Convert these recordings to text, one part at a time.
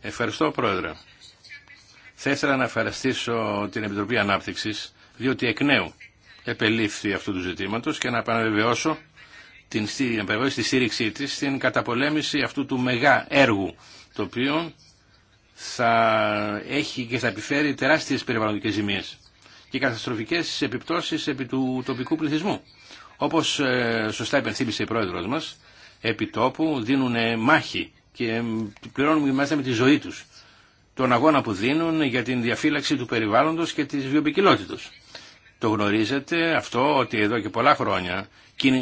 Ευχαριστώ, Πρόεδρε. Θα ήθελα να ευχαριστήσω την Επιτροπή Ανάπτυξης, διότι εκ νέου επελήφθη αυτού του ζητήματος και να επαναβεβαιώσω την τη στήριξή της στην καταπολέμηση αυτού του μεγά έργου, το οποίο θα έχει και θα επιφέρει τεράστιες περιβαλλοντικές ζημίες και καταστροφικές επιπτώσεις επί του τοπικού πληθυσμού. Όπως ε, σωστά υπενθύμησε η πρόεδρος μας, επιτόπου δίνουν μάχη και πληρώνουν μέσα με τη ζωή τους τον αγώνα που δίνουν για την διαφύλαξη του περιβάλλοντος και της βιοπικιλότητος. Το γνωρίζετε αυτό ότι εδώ και πολλά χρόνια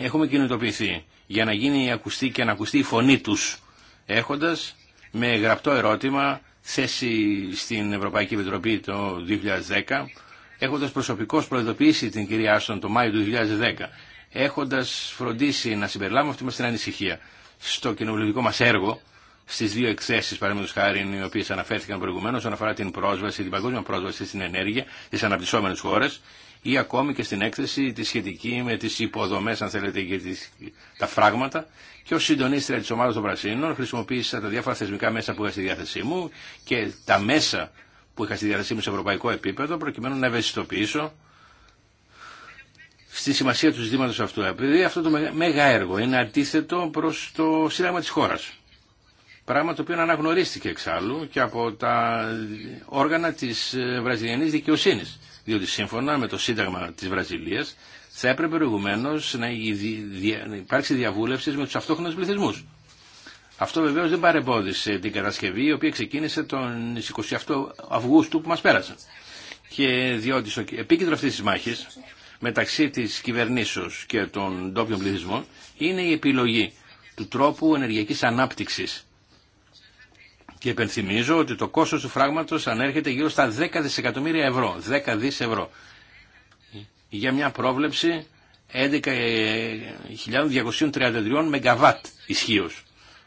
έχουμε κινητοποιηθεί για να γίνει ακουστή και να ακουστεί η φωνή τους έχοντας με γραπτό ερώτημα θέση στην Ευρωπαϊκή Επιτροπή το 2010 έχοντας προσωπικώς προειδοποιήσει την κυρία Άστον το Μάιο του 2010 Έχοντα φροντίσει να συμπεριλάβουμε αυτή μα την ανησυχία στο κοινοβουλευτικό μα έργο, στι δύο εκθέσει, παραδείγματο χάρη οι οποίε αναφέρθηκαν προηγουμένω, όσον αφορά την πρόσβαση, την παγκόσμια πρόσβαση στην ενέργεια στι αναπτυσσόμενε χώρε, ή ακόμη και στην έκθεση τη σχετική με τι υποδομές αν θέλετε και τις, τα φράγματα και ω συντονίστρια τη ομάδα των Πρασίνων χρησιμοποίησα τα διάφορα θεσμικά μέσα που είχα στη διάθεσή μου και τα μέσα που είχα στη διάθεσή μου σε ευρωπαϊκό επίπεδο προκειμένου να ευαισθητοποιήσω στη σημασία του ζητήματος αυτού. Επειδή αυτό το μέγα έργο είναι αντίθετο προς το σύνταγμα της χώρας. Πράγμα το οποίο αναγνωρίστηκε εξάλλου και από τα όργανα της ε, βραζιλιανής δικαιοσύνης. Διότι σύμφωνα με το σύνταγμα της Βραζιλίας θα έπρεπε προηγουμένω να υπάρξει διαβούλευση με τους αυτόχρονους πληθυσμούς. Αυτό βεβαίως δεν παρεμπόδισε την κατασκευή η οποία ξεκίνησε τον 28 Αυγούστου που μας πέρασε. Και διότι στο επίκεντρο αυτής της μάχης μεταξύ της κυβερνήσεως και των ντόπιων πληθυσμών είναι η επιλογή του τρόπου ενεργειακής ανάπτυξης. Και υπενθυμίζω ότι το κόστος του φράγματος ανέρχεται γύρω στα 10 δισεκατομμύρια ευρώ, 10 δις ευρώ, για μια πρόβλεψη 11.233 ΜΒ ισχύω,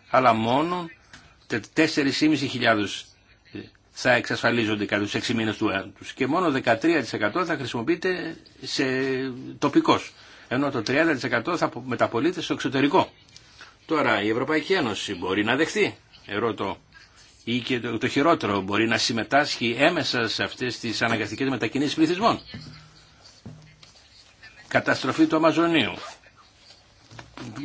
αλλά μόνο 4.500 θα εξασφαλίζονται κατά τους 6 μήνες του έτους και μόνο 13% θα χρησιμοποιείται σε τοπικός, ενώ το 30% θα μεταπολείται στο εξωτερικό. Τώρα η Ευρωπαϊκή Ένωση μπορεί να δεχθεί, ερώτω, ή και το, χειρότερο μπορεί να συμμετάσχει έμεσα σε αυτές τις αναγκαστικές μετακινήσεις πληθυσμών. Καταστροφή του Αμαζονίου.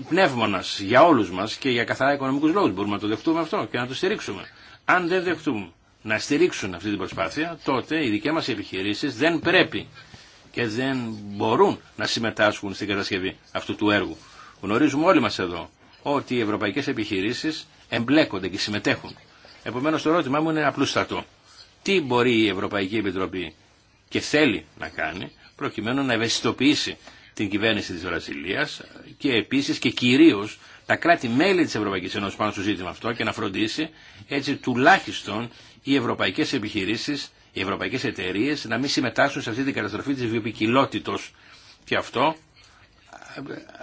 Πνεύμονας για όλους μας και για καθαρά οικονομικούς λόγους μπορούμε να το δεχτούμε αυτό και να το στηρίξουμε. Αν δεν δεχτούμε να στηρίξουν αυτή την προσπάθεια, τότε οι δικέ μα επιχειρήσει δεν πρέπει και δεν μπορούν να συμμετάσχουν στην κατασκευή αυτού του έργου. Γνωρίζουμε όλοι μα εδώ ότι οι ευρωπαϊκέ επιχειρήσει εμπλέκονται και συμμετέχουν. Επομένω, το ερώτημά μου είναι απλούστατο. Τι μπορεί η Ευρωπαϊκή Επιτροπή και θέλει να κάνει προκειμένου να ευαισθητοποιήσει την κυβέρνηση τη Βραζιλίας και επίση και κυρίω τα κράτη-μέλη τη Ευρωπαϊκή Ένωση πάνω στο ζήτημα αυτό και να φροντίσει έτσι τουλάχιστον οι ευρωπαϊκές επιχειρήσεις, οι ευρωπαϊκές εταιρείες να μην συμμετάσχουν σε αυτή την καταστροφή της βιοπικιλότητος και αυτό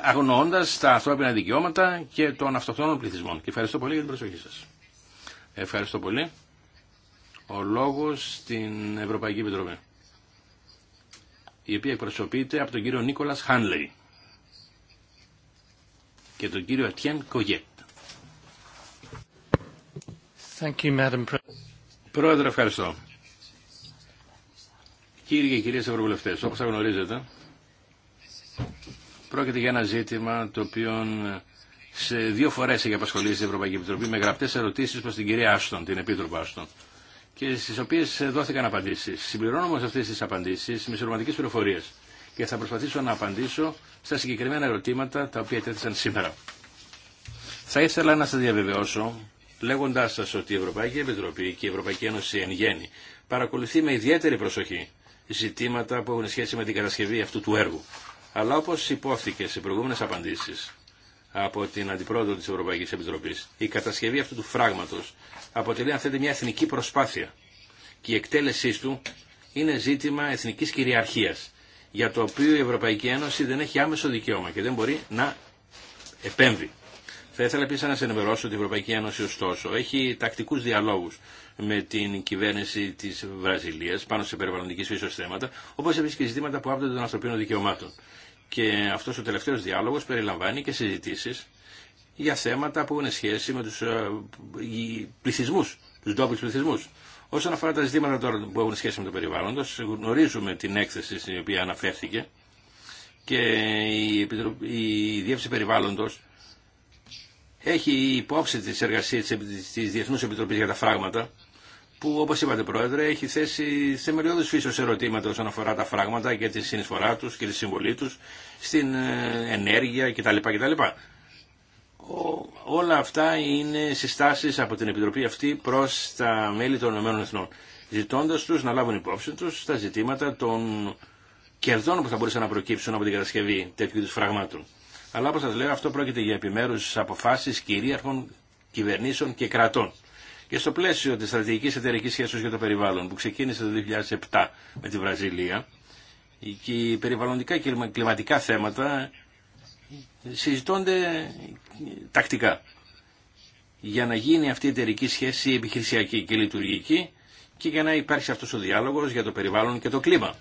αγνοώντας τα ανθρώπινα δικαιώματα και των αυτοκτόνων πληθυσμών. Και ευχαριστώ πολύ για την προσοχή σας. Ευχαριστώ πολύ. Ο λόγος στην Ευρωπαϊκή Επιτροπή, η οποία εκπροσωπείται από τον κύριο Νίκολας Χάνλεϊ και τον κύριο Ατιέν Κογιέτ. Πρόεδρε, ευχαριστώ. Κύριοι και κυρίες Ευρωβουλευτές, όπως θα γνωρίζετε, πρόκειται για ένα ζήτημα το οποίο σε δύο φορές έχει απασχολήσει η Ευρωπαϊκή Επιτροπή με γραπτές ερωτήσεις προς την κυρία Άστον, την Επίτροπο Άστον και στις οποίε δόθηκαν απαντήσει. Συμπληρώνω όμω αυτέ τι απαντήσει με συρωματικέ πληροφορίε και θα προσπαθήσω να απαντήσω στα συγκεκριμένα ερωτήματα τα οποία τέθησαν σήμερα. Θα ήθελα να σα διαβεβαιώσω Λέγοντά σα ότι η Ευρωπαϊκή Επιτροπή και η Ευρωπαϊκή Ένωση εν γέννη παρακολουθεί με ιδιαίτερη προσοχή ζητήματα που έχουν σχέση με την κατασκευή αυτού του έργου. Αλλά όπω υπόθηκε σε προηγούμενε απαντήσει από την Αντιπρόεδρο τη Ευρωπαϊκή Επιτροπή, η κατασκευή αυτού του φράγματο αποτελεί αν θέλετε μια εθνική προσπάθεια και η εκτέλεσή του είναι ζήτημα εθνική κυριαρχία για το οποίο η Ευρωπαϊκή Ένωση δεν έχει άμεσο δικαίωμα και δεν μπορεί να επέμβει. Θα ήθελα επίση να σε ενημερώσω ότι η Ευρωπαϊκή Ένωση, ωστόσο, έχει τακτικού διαλόγου με την κυβέρνηση τη Βραζιλία πάνω σε περιβαλλοντική φύσεω θέματα, όπω επίση και ζητήματα που άπτονται των ανθρωπίνων δικαιωμάτων. Και αυτό ο τελευταίο διάλογο περιλαμβάνει και συζητήσει για θέματα που έχουν σχέση με του ε, πληθυσμού, του ντόπιου πληθυσμού. Όσον αφορά τα ζητήματα που έχουν σχέση με το περιβάλλον, γνωρίζουμε την έκθεση στην οποία αναφέρθηκε και η, η Διεύθυνση Περιβάλλοντος έχει υπόψη τη εργασία τη Διεθνού Επιτροπή για τα Φράγματα που όπω είπατε Πρόεδρε έχει θέσει θεμελιώδη φύσεω ερωτήματα όσον αφορά τα φράγματα και τη συνεισφορά του και τη συμβολή του στην ε, ενέργεια κτλ. κτλ. Ο, όλα αυτά είναι συστάσεις από την Επιτροπή αυτή προς τα μέλη των ΗΕ, ζητώντα ζητώντας τους να λάβουν υπόψη τους τα ζητήματα των κερδών που θα μπορούσαν να προκύψουν από την κατασκευή τέτοιου είδους φραγμάτων. Αλλά όπω σας λέω αυτό πρόκειται για επιμέρους αποφάσει κυρίαρχων κυβερνήσεων και κρατών. Και στο πλαίσιο τη στρατηγικής εταιρική σχέση για το περιβάλλον που ξεκίνησε το 2007 με τη Βραζιλία και οι περιβαλλοντικά και κλιματικά θέματα συζητώνται τακτικά. Για να γίνει αυτή η εταιρική σχέση επιχειρησιακή και λειτουργική και για να υπάρξει αυτός ο διάλογος για το περιβάλλον και το κλίμα.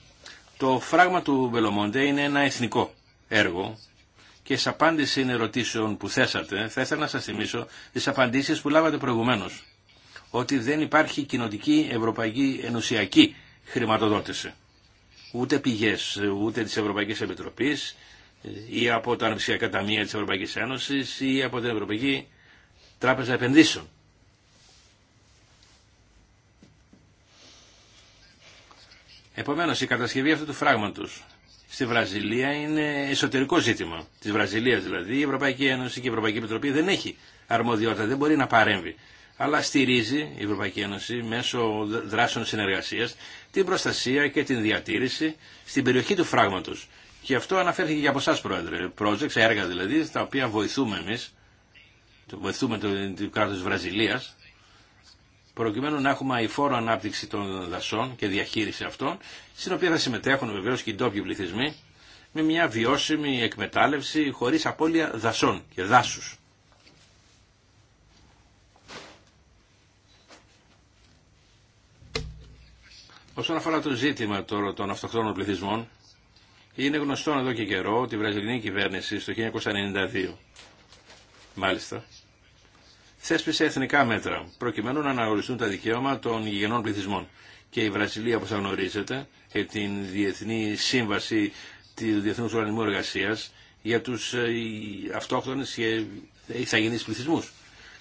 Το φράγμα του Μπελομόντε είναι ένα εθνικό έργο και σε απάντηση ερωτήσεων που θέσατε, θα ήθελα να σας θυμίσω τις απαντήσεις που λάβατε προηγουμένως. Ότι δεν υπάρχει κοινοτική ευρωπαϊκή ενωσιακή χρηματοδότηση. Ούτε πηγές, ούτε της Ευρωπαϊκής Επιτροπής ή από τα αναπτυξιακά ταμεία της Ευρωπαϊκής Ένωσης ή από την Ευρωπαϊκή Τράπεζα Επενδύσεων. Επομένως, η κατασκευή αυτού του φράγματος στη Βραζιλία είναι εσωτερικό ζήτημα. Τη Βραζιλία δηλαδή. Η Ευρωπαϊκή Ένωση και η Ευρωπαϊκή Επιτροπή δεν έχει αρμοδιότητα, δεν μπορεί να παρέμβει. Αλλά στηρίζει η Ευρωπαϊκή Ένωση μέσω δράσεων συνεργασία την προστασία και την διατήρηση στην περιοχή του φράγματο. Και αυτό αναφέρθηκε και από εσά, Πρόεδρε. Projects, έργα δηλαδή, τα οποία βοηθούμε εμεί, βοηθούμε το, το κράτο Βραζιλία προκειμένου να έχουμε αηφόρο ανάπτυξη των δασών και διαχείριση αυτών, στην οποία θα συμμετέχουν βεβαίω και οι ντόπιοι πληθυσμοί, με μια βιώσιμη εκμετάλλευση χωρί απώλεια δασών και δάσου. Όσον αφορά το ζήτημα τώρα των αυτοκτόνων πληθυσμών, είναι γνωστό εδώ και καιρό ότι η Βραζιλινή κυβέρνηση στο 1992, μάλιστα, θέσπισε εθνικά μέτρα, προκειμένου να αναγνωριστούν τα δικαιώματα των γηγενών πληθυσμών. Και η Βραζιλία, όπως γνωρίζετε, και την Διεθνή Σύμβαση του Διεθνούς Οργανισμού εργασία για τους ε, αυτόχθονες και ε, ηθαγενεί πληθυσμού.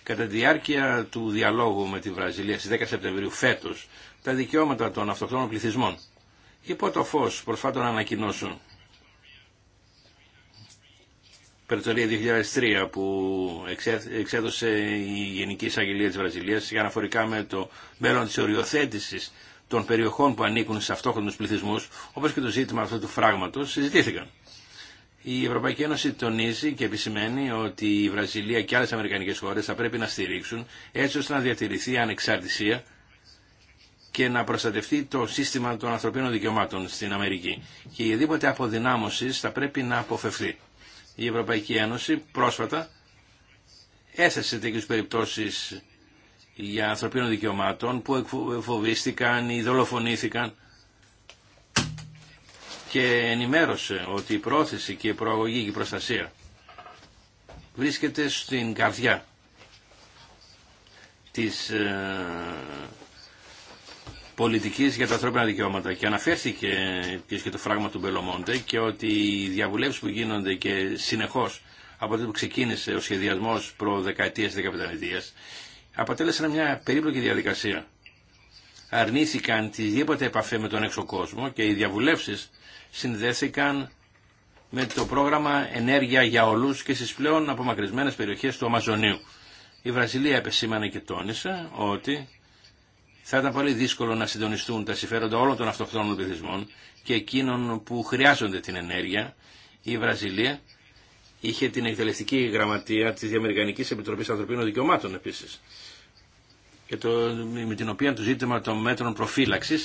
Κατά τη διάρκεια του διαλόγου με τη Βραζιλία στις 10 Σεπτεμβρίου φέτος, τα δικαιώματα των αυτοκτόνων πληθυσμών. Υπό το φως προσφάτων ανακοινώσουν Περτολία 2003 που εξέδωσε η Γενική Εισαγγελία της Βραζιλίας για αναφορικά με το μέλλον της οριοθέτησης των περιοχών που ανήκουν σε αυτόχρονους πληθυσμούς, όπως και το ζήτημα αυτού του φράγματος, συζητήθηκαν. Η Ευρωπαϊκή Ένωση τονίζει και επισημαίνει ότι η Βραζιλία και άλλες αμερικανικές χώρες θα πρέπει να στηρίξουν έτσι ώστε να διατηρηθεί η ανεξαρτησία και να προστατευτεί το σύστημα των ανθρωπίνων δικαιωμάτων στην Αμερική. Και οποιαδήποτε αποδυνάμωση θα πρέπει να αποφευθεί η Ευρωπαϊκή Ένωση πρόσφατα έθεσε τέτοιε περιπτώσεις για ανθρωπίνων δικαιωμάτων που εκφοβίστηκαν ή δολοφονήθηκαν και ενημέρωσε ότι η πρόθεση και η προαγωγή και η προστασία βρίσκεται στην καρδιά της ε, Πολιτική για τα ανθρώπινα δικαιώματα και αναφέρθηκε και το φράγμα του Μπελομόντε και ότι οι διαβουλεύσεις που γίνονται και συνεχώ από τότε που ξεκίνησε ο σχεδιασμό προ δεκαετία και αποτέλεσαν μια περίπλοκη διαδικασία. Αρνήθηκαν οτιδήποτε επαφή με τον έξω κόσμο και οι διαβουλεύσεις συνδέθηκαν με το πρόγραμμα Ενέργεια για όλου και στι πλέον απομακρυσμένε περιοχέ του Αμαζονίου. Η Βραζιλία επεσήμανε και τόνισε ότι θα ήταν πολύ δύσκολο να συντονιστούν τα συμφέροντα όλων των αυτοκτόνων πληθυσμών και εκείνων που χρειάζονται την ενέργεια. Η Βραζιλία είχε την εκτελεστική γραμματεία τη Διαμερικανική Επιτροπή Ανθρωπίνων Δικαιωμάτων επίση. με την οποία το ζήτημα των μέτρων προφύλαξη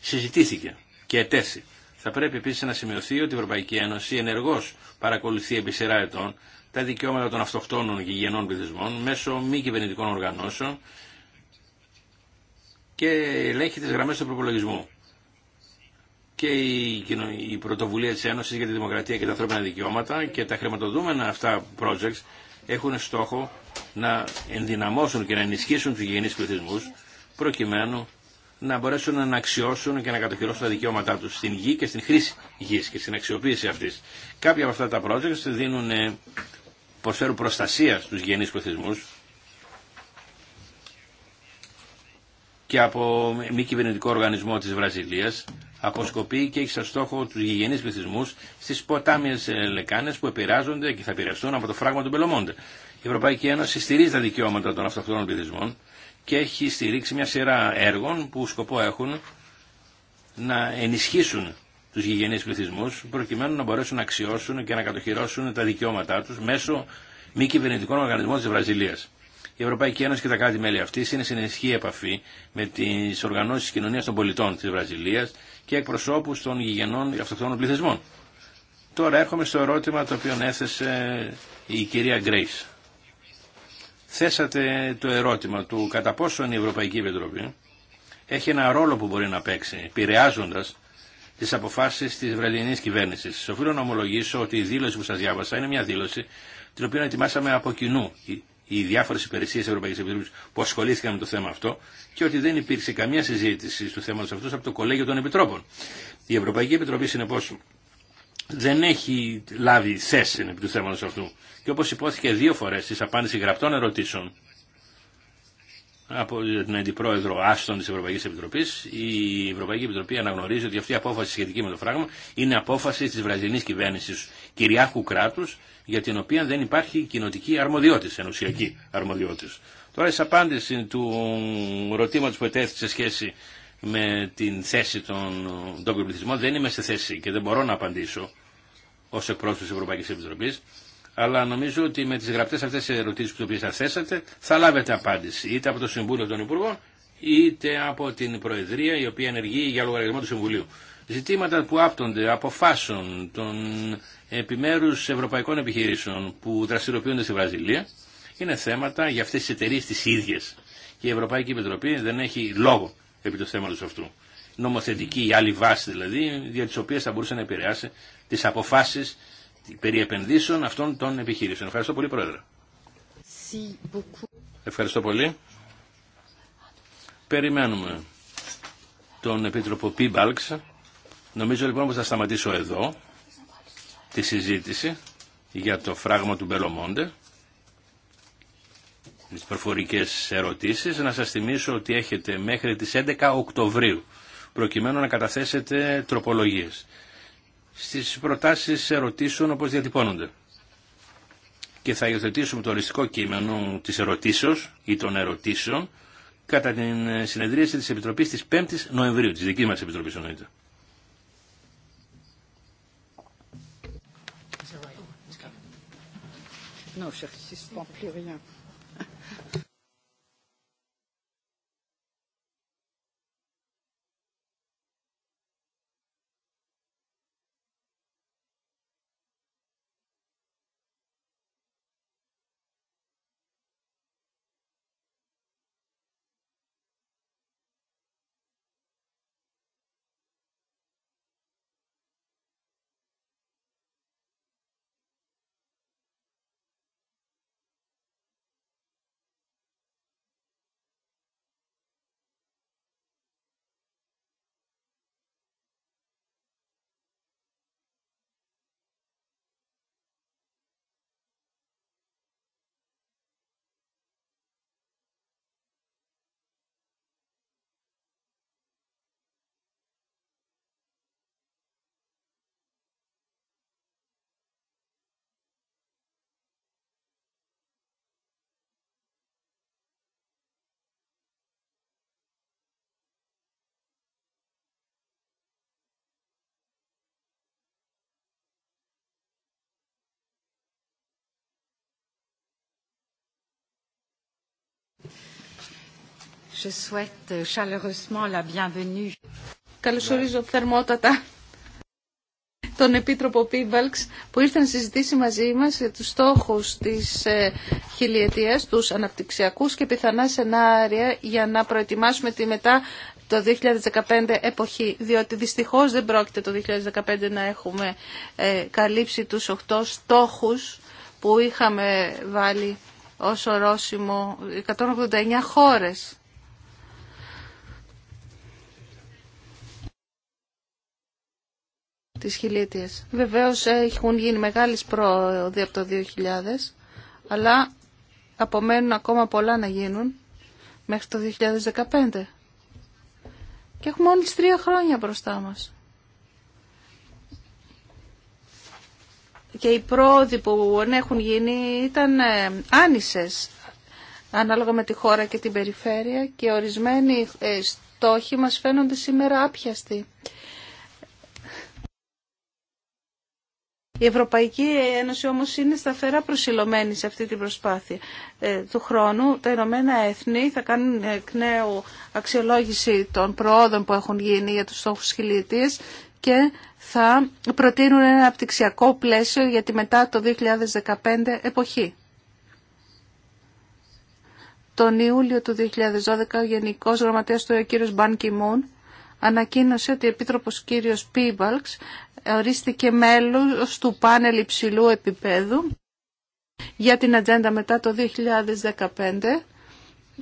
συζητήθηκε και ετέθη. Θα πρέπει επίση να σημειωθεί ότι η Ευρωπαϊκή Ένωση ενεργώ παρακολουθεί επί σειρά ετών τα δικαιώματα των αυτοκτόνων και γηγενών πληθυσμών μέσω μη κυβερνητικών οργανώσεων και ελέγχει τις γραμμές του προπολογισμού. Και η, η πρωτοβουλία της Ένωσης για τη Δημοκρατία και τα ανθρώπινα δικαιώματα και τα χρηματοδούμενα αυτά projects έχουν στόχο να ενδυναμώσουν και να ενισχύσουν τους γενείς πληθυσμού προκειμένου να μπορέσουν να αξιώσουν και να κατοχυρώσουν τα δικαιώματά τους στην γη και στην χρήση γης και στην αξιοποίηση αυτής. Κάποια από αυτά τα projects δίνουν, ε, προσφέρουν προστασία στους γενείς πληθυσμούς και από μη κυβερνητικό οργανισμό της Βραζιλίας αποσκοπεί και έχει σαν στόχο τους γηγενείς πληθυσμού στις ποτάμιες ε, λεκάνες που επηρεάζονται και θα επηρεαστούν από το φράγμα του Μπελομόντε. Η Ευρωπαϊκή Ένωση στηρίζει τα δικαιώματα των αυτοκτόνων πληθυσμών και έχει στηρίξει μια σειρά έργων που σκοπό έχουν να ενισχύσουν τους γηγενείς πληθυσμού προκειμένου να μπορέσουν να αξιώσουν και να κατοχυρώσουν τα δικαιώματά τους μέσω μη κυβερνητικών οργανισμών της Βραζιλίας. Η Ευρωπαϊκή Ένωση και τα κράτη-μέλη αυτή είναι σε ενισχύ επαφή με τι οργανώσει τη κοινωνία των πολιτών τη Βραζιλία και εκπροσώπου των γηγενών αυτοκτόνων πληθυσμών. Τώρα έρχομαι στο ερώτημα το οποίο έθεσε η κυρία Γκρέις. Θέσατε το ερώτημα του κατά πόσον η Ευρωπαϊκή Επιτροπή έχει ένα ρόλο που μπορεί να παίξει, επηρεάζοντα τι αποφάσει τη βραδινή κυβέρνηση. Οφείλω να ομολογήσω ότι η δήλωση που σα διάβασα είναι μια δήλωση την οποία ετοιμάσαμε από κοινού οι διάφορε υπηρεσίε Ευρωπαϊκή Επιτροπή που ασχολήθηκαν με το θέμα αυτό και ότι δεν υπήρξε καμία συζήτηση του θέματο αυτού από το Κολέγιο των Επιτρόπων. Η Ευρωπαϊκή Επιτροπή, συνεπώ, δεν έχει λάβει θέση επί του θέματο αυτού. Και όπω υπόθηκε δύο φορέ στι απάντηση γραπτών ερωτήσεων, από την Αντιπρόεδρο Άστον τη Ευρωπαϊκή Επιτροπή. Η Ευρωπαϊκή Επιτροπή αναγνωρίζει ότι αυτή η απόφαση σχετική με το φράγμα είναι απόφαση τη βραζιλινή κυβέρνηση κυριάρχου κράτου για την οποία δεν υπάρχει κοινοτική αρμοδιότητα, ενωσιακή αρμοδιότητα. Τώρα, ει απάντηση του ρωτήματο που ετέθησε σε σχέση με την θέση των πληθυσμών, δεν είμαι σε θέση και δεν μπορώ να απαντήσω ω εκπρόσωπο τη Ευρωπαϊκή Επιτροπή αλλά νομίζω ότι με τις γραπτές αυτές τις ερωτήσεις που θα θέσατε θα λάβετε απάντηση είτε από το Συμβούλιο των Υπουργών είτε από την Προεδρία η οποία ενεργεί για λογαριασμό του Συμβουλίου. Ζητήματα που άπτονται αποφάσεων των επιμέρους ευρωπαϊκών επιχειρήσεων που δραστηριοποιούνται στη Βραζιλία είναι θέματα για αυτές τις εταιρείες τις ίδιες και η Ευρωπαϊκή Επιτροπή δεν έχει λόγο επί του θέματος αυτού. Νομοθετική ή άλλη βάση δηλαδή, για τις οποίες θα μπορούσε να επηρεάσει τις αποφάσεις περί επενδύσεων αυτών των επιχειρήσεων. Ευχαριστώ πολύ Πρόεδρε. Ευχαριστώ πολύ. Περιμένουμε τον Επίτροπο Πίμπαλξ. Νομίζω λοιπόν πως θα σταματήσω εδώ τη συζήτηση για το φράγμα του Μπελομόντε τις προφορικές ερωτήσεις να σας θυμίσω ότι έχετε μέχρι τις 11 Οκτωβρίου προκειμένου να καταθέσετε τροπολογίες στις προτάσεις ερωτήσεων όπως διατυπώνονται. Και θα υιοθετήσουμε το οριστικό κείμενο της ερωτήσεως ή των ερωτήσεων κατά την συνεδρίαση της Επιτροπής της 5ης Νοεμβρίου, της δικής μας Επιτροπής εννοείται. Non, Je souhaite chaleureusement la bienvenue. Καλωσορίζω θερμότατα τον Επίτροπο Πίμπαλξ που ήρθε να συζητήσει μαζί μας για τους στόχους της ε, χιλιετίας, τους αναπτυξιακούς και πιθανά σενάρια για να προετοιμάσουμε τη μετά το 2015 εποχή, διότι δυστυχώς δεν πρόκειται το 2015 να έχουμε ε, καλύψει τους 8 στόχους που είχαμε βάλει ως ορόσημο 189 χώρες τη Βεβαίως έχουν γίνει μεγάλες πρόοδοι από το 2000, αλλά απομένουν ακόμα πολλά να γίνουν μέχρι το 2015. Και έχουμε όλες τρία χρόνια μπροστά μα. Και οι πρόοδοι που έχουν γίνει ήταν ε, άνισες ανάλογα με τη χώρα και την περιφέρεια και ορισμένοι ε, στόχοι μας φαίνονται σήμερα άπιαστοι. Η Ευρωπαϊκή Ένωση όμως είναι σταθερά προσιλωμένη σε αυτή την προσπάθεια. Ε, του χρόνου τα Ηνωμένα Έθνη θα κάνουν εκ νέου αξιολόγηση των προόδων που έχουν γίνει για τους στόχους χιλιετίες και θα προτείνουν ένα απτυξιακό πλαίσιο για τη μετά το 2015 εποχή. Τον Ιούλιο του 2012 ο Γενικός Γραμματέας του ο κ. Μπαν ανακοίνωσε ότι ο Επίτροπος κ. Πίβαλξ ορίστηκε μέλος του πάνελ υψηλού επίπεδου για την ατζέντα μετά το 2015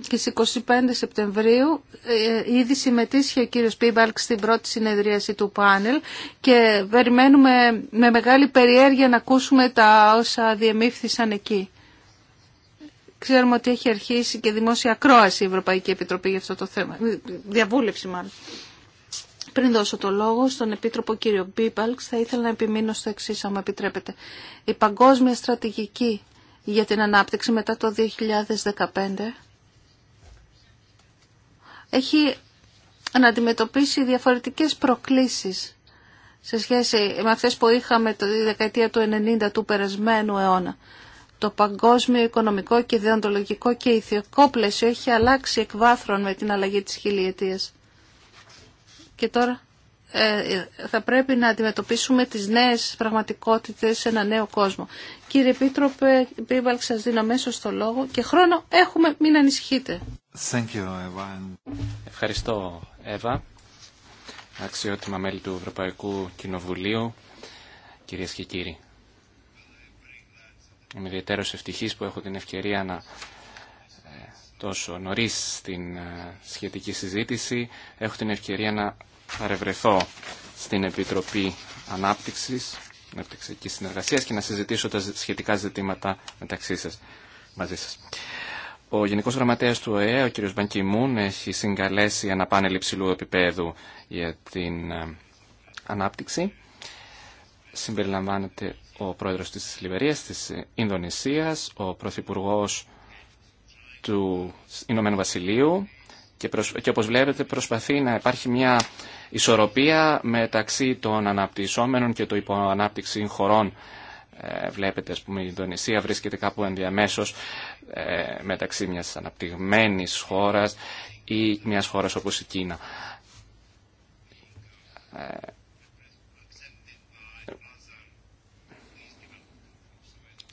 και στις 25 Σεπτεμβρίου ε, ήδη συμμετείχε ο κύριος Πίμπαλκ στην πρώτη συνεδρίαση του πάνελ και περιμένουμε με μεγάλη περιέργεια να ακούσουμε τα όσα διεμήφθησαν εκεί. Ξέρουμε ότι έχει αρχίσει και δημόσια ακρόαση η Ευρωπαϊκή Επιτροπή για αυτό το θέμα. Διαβούλευση μάλλον. Πριν δώσω το λόγο στον Επίτροπο κύριο Μπίπαλξ θα ήθελα να επιμείνω στο εξή, αν επιτρέπετε. Η παγκόσμια στρατηγική για την ανάπτυξη μετά το 2015 έχει να αντιμετωπίσει διαφορετικές προκλήσεις σε σχέση με αυτές που είχαμε το δεκαετία του 90 του περασμένου αιώνα. Το παγκόσμιο οικονομικό και ιδεοντολογικό και ηθικό πλαίσιο έχει αλλάξει εκ με την αλλαγή της χιλιετίας. Και τώρα ε, θα πρέπει να αντιμετωπίσουμε τις νέες πραγματικότητες σε ένα νέο κόσμο. Κύριε Επίτροπε, Πίβαλ, σας δίνω μέσω στο λόγο και χρόνο έχουμε, μην ανησυχείτε. Thank you, Eva. Ευχαριστώ, Εύα. Αξιότιμα μέλη του Ευρωπαϊκού Κοινοβουλίου, κυρίες και κύριοι. Είμαι ιδιαίτερος ευτυχής που έχω την ευκαιρία να τόσο νωρίς στην ε, σχετική συζήτηση, έχω την ευκαιρία να παρευρεθώ στην Επιτροπή Ανάπτυξης, Ανάπτυξης Συνεργασίας και να συζητήσω τα σχετικά ζητήματα μεταξύ σας, μαζί σας. Ο Γενικός Γραμματέας του ΟΕΕ, ο κ. Μπανκιμούν, έχει συγκαλέσει ένα πάνελ υψηλού επίπεδου για την ε, ανάπτυξη. Συμπεριλαμβάνεται ο πρόεδρος της Λιβερίας, της Ινδονησίας, ο πρωθυπουργός του Ηνωμένου Βασιλείου και, προσ... και όπως βλέπετε προσπαθεί να υπάρχει μια ισορροπία μεταξύ των αναπτυσσόμενων και των υποανάπτυξη χωρών. Ε, βλέπετε, ας πούμε, η Ινδονησία βρίσκεται κάπου ενδιαμέσως ε, μεταξύ μιας αναπτυγμένης χώρας ή μιας χώρας όπως η Κίνα. Ε,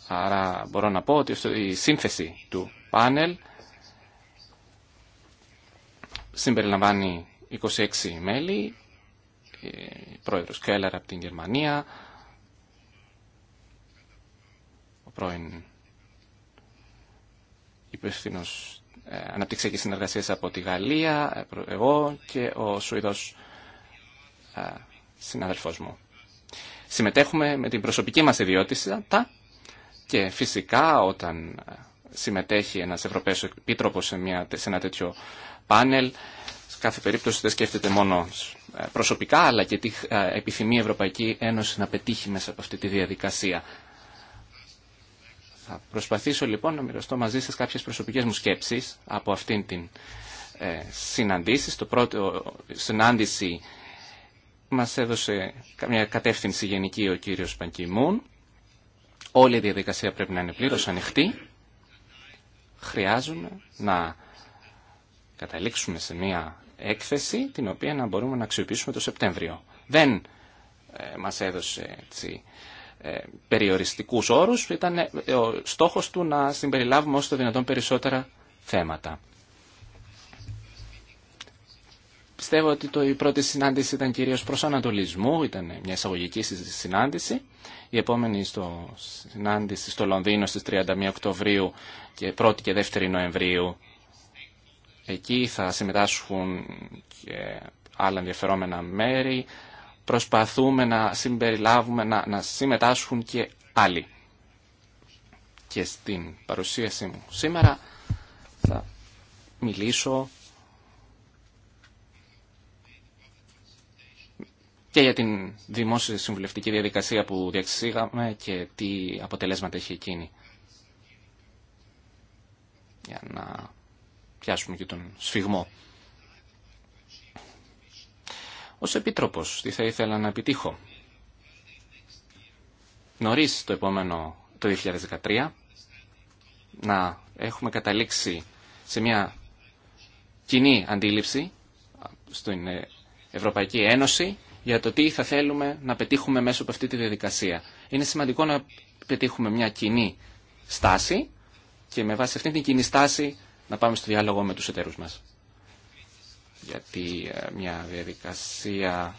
άρα μπορώ να πω ότι η σύνθεση του πάνελ συμπεριλαμβάνει 26 μέλη, ε, πρόεδρος Κέλλαρ από την Γερμανία, ο πρώην υπεύθυνο ε, αναπτυξιακής συνεργασίας από τη Γαλλία, ε, εγώ και ο Σουηδός συναδελφός μου. Συμμετέχουμε με την προσωπική μας ιδιότητα και φυσικά όταν συμμετέχει ένας Ευρωπαίος Επίτροπος σε, μια, ένα τέτοιο πάνελ. Σε κάθε περίπτωση δεν σκέφτεται μόνο ε, προσωπικά, αλλά και τι ε, επιθυμεί η Ευρωπαϊκή Ένωση να πετύχει μέσα από αυτή τη διαδικασία. Θα προσπαθήσω λοιπόν να μοιραστώ μαζί σας κάποιες προσωπικές μου σκέψεις από αυτήν την ε, συναντήση. Στο πρώτο συνάντηση μας έδωσε μια κατεύθυνση γενική ο κύριος Πανκιμούν. Όλη η διαδικασία πρέπει να είναι πλήρως ανοιχτή χρειάζομαι να καταλήξουμε σε μια έκθεση την οποία να μπορούμε να αξιοποιήσουμε το Σεπτέμβριο. Δεν ε, μας έδωσε έτσι, ε, περιοριστικούς όρους, ήταν ε, ο στόχος του να συμπεριλάβουμε όσο το δυνατόν περισσότερα θέματα. Πιστεύω ότι το, η πρώτη συνάντηση ήταν κυρίως προς ανατολισμού, ήταν μια εισαγωγική συνάντηση η επόμενη στο συνάντηση στο Λονδίνο στις 31 Οκτωβρίου και 1η και 2η Νοεμβρίου. Εκεί θα συμμετάσχουν και άλλα ενδιαφερόμενα μέρη. Προσπαθούμε να συμπεριλάβουμε, να, να συμμετάσχουν και άλλοι. Και στην παρουσίαση μου σήμερα θα μιλήσω και για την δημόσια συμβουλευτική διαδικασία που διαξήγαμε και τι αποτελέσματα έχει εκείνη. Για να πιάσουμε και τον σφιγμό. Ως Επίτροπος, τι θα ήθελα να επιτύχω. Νωρίς το επόμενο, το 2013, να έχουμε καταλήξει σε μια κοινή αντίληψη στην Ευρωπαϊκή Ένωση για το τι θα θέλουμε να πετύχουμε μέσω από αυτή τη διαδικασία. Είναι σημαντικό να πετύχουμε μια κοινή στάση και με βάση αυτή την κοινή στάση να πάμε στο διάλογο με τους εταίρους μας. Γιατί ε, μια διαδικασία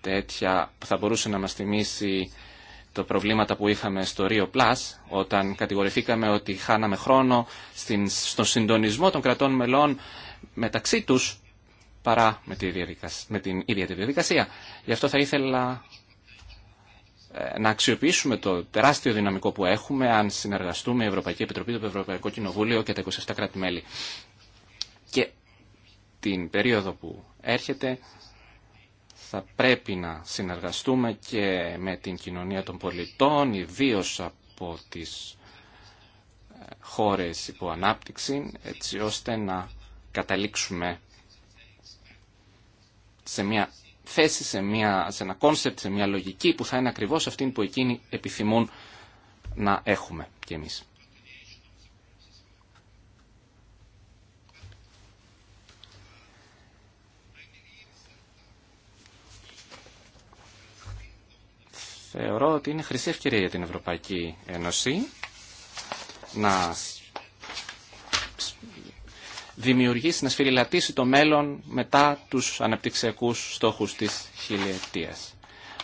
τέτοια θα μπορούσε να μας θυμίσει το προβλήματα που είχαμε στο Rio Plus, όταν κατηγορηθήκαμε ότι χάναμε χρόνο στον συντονισμό των κρατών μελών μεταξύ τους παρά με, τη με την ίδια τη διαδικασία. Γι' αυτό θα ήθελα ε, να αξιοποιήσουμε το τεράστιο δυναμικό που έχουμε αν συνεργαστούμε η Ευρωπαϊκή Επιτροπή, το Ευρωπαϊκό Κοινοβούλιο και τα 27 κράτη-μέλη. Και την περίοδο που έρχεται θα πρέπει να συνεργαστούμε και με την κοινωνία των πολιτών, ιδίω από τις ε, χώρες υπό έτσι ώστε να καταλήξουμε σε μια θέση, σε, μια, σε ένα κόνσεπτ, σε μια λογική που θα είναι ακριβώς αυτή που εκείνοι επιθυμούν να έχουμε κι εμείς. Θεωρώ ότι είναι χρυσή ευκαιρία για την Ευρωπαϊκή Ένωση να δημιουργήσει, να σφυριλατήσει το μέλλον μετά τους αναπτυξιακούς στόχους της χιλιετίας.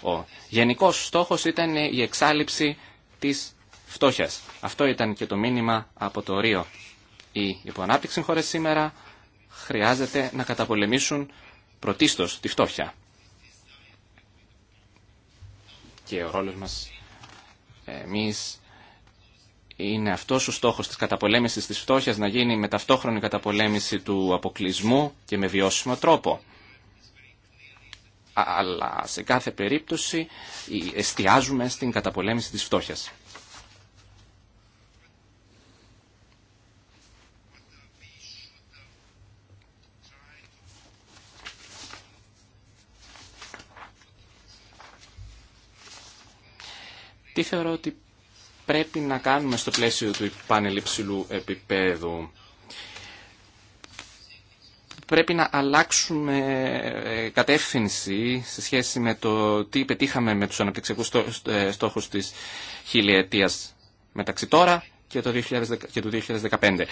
Ο γενικός στόχος ήταν η εξάλληψη της φτώχειας. Αυτό ήταν και το μήνυμα από το Ρίο. Οι υποανάπτυξη χώρες σήμερα χρειάζεται να καταπολεμήσουν πρωτίστως τη φτώχεια. Και ο ρόλος μας εμείς είναι αυτός ο στόχος της καταπολέμησης της φτώχειας να γίνει με ταυτόχρονη καταπολέμηση του αποκλεισμού και με βιώσιμο τρόπο. Αλλά σε κάθε περίπτωση εστιάζουμε στην καταπολέμηση της φτώχειας. τι θεωρώ ότι πρέπει να κάνουμε στο πλαίσιο του πάνελ επίπεδου. Πρέπει να αλλάξουμε ε, κατεύθυνση σε σχέση με το τι πετύχαμε με τους αναπτυξιακούς ε, στόχους της χιλιετίας μεταξύ τώρα και το 2015.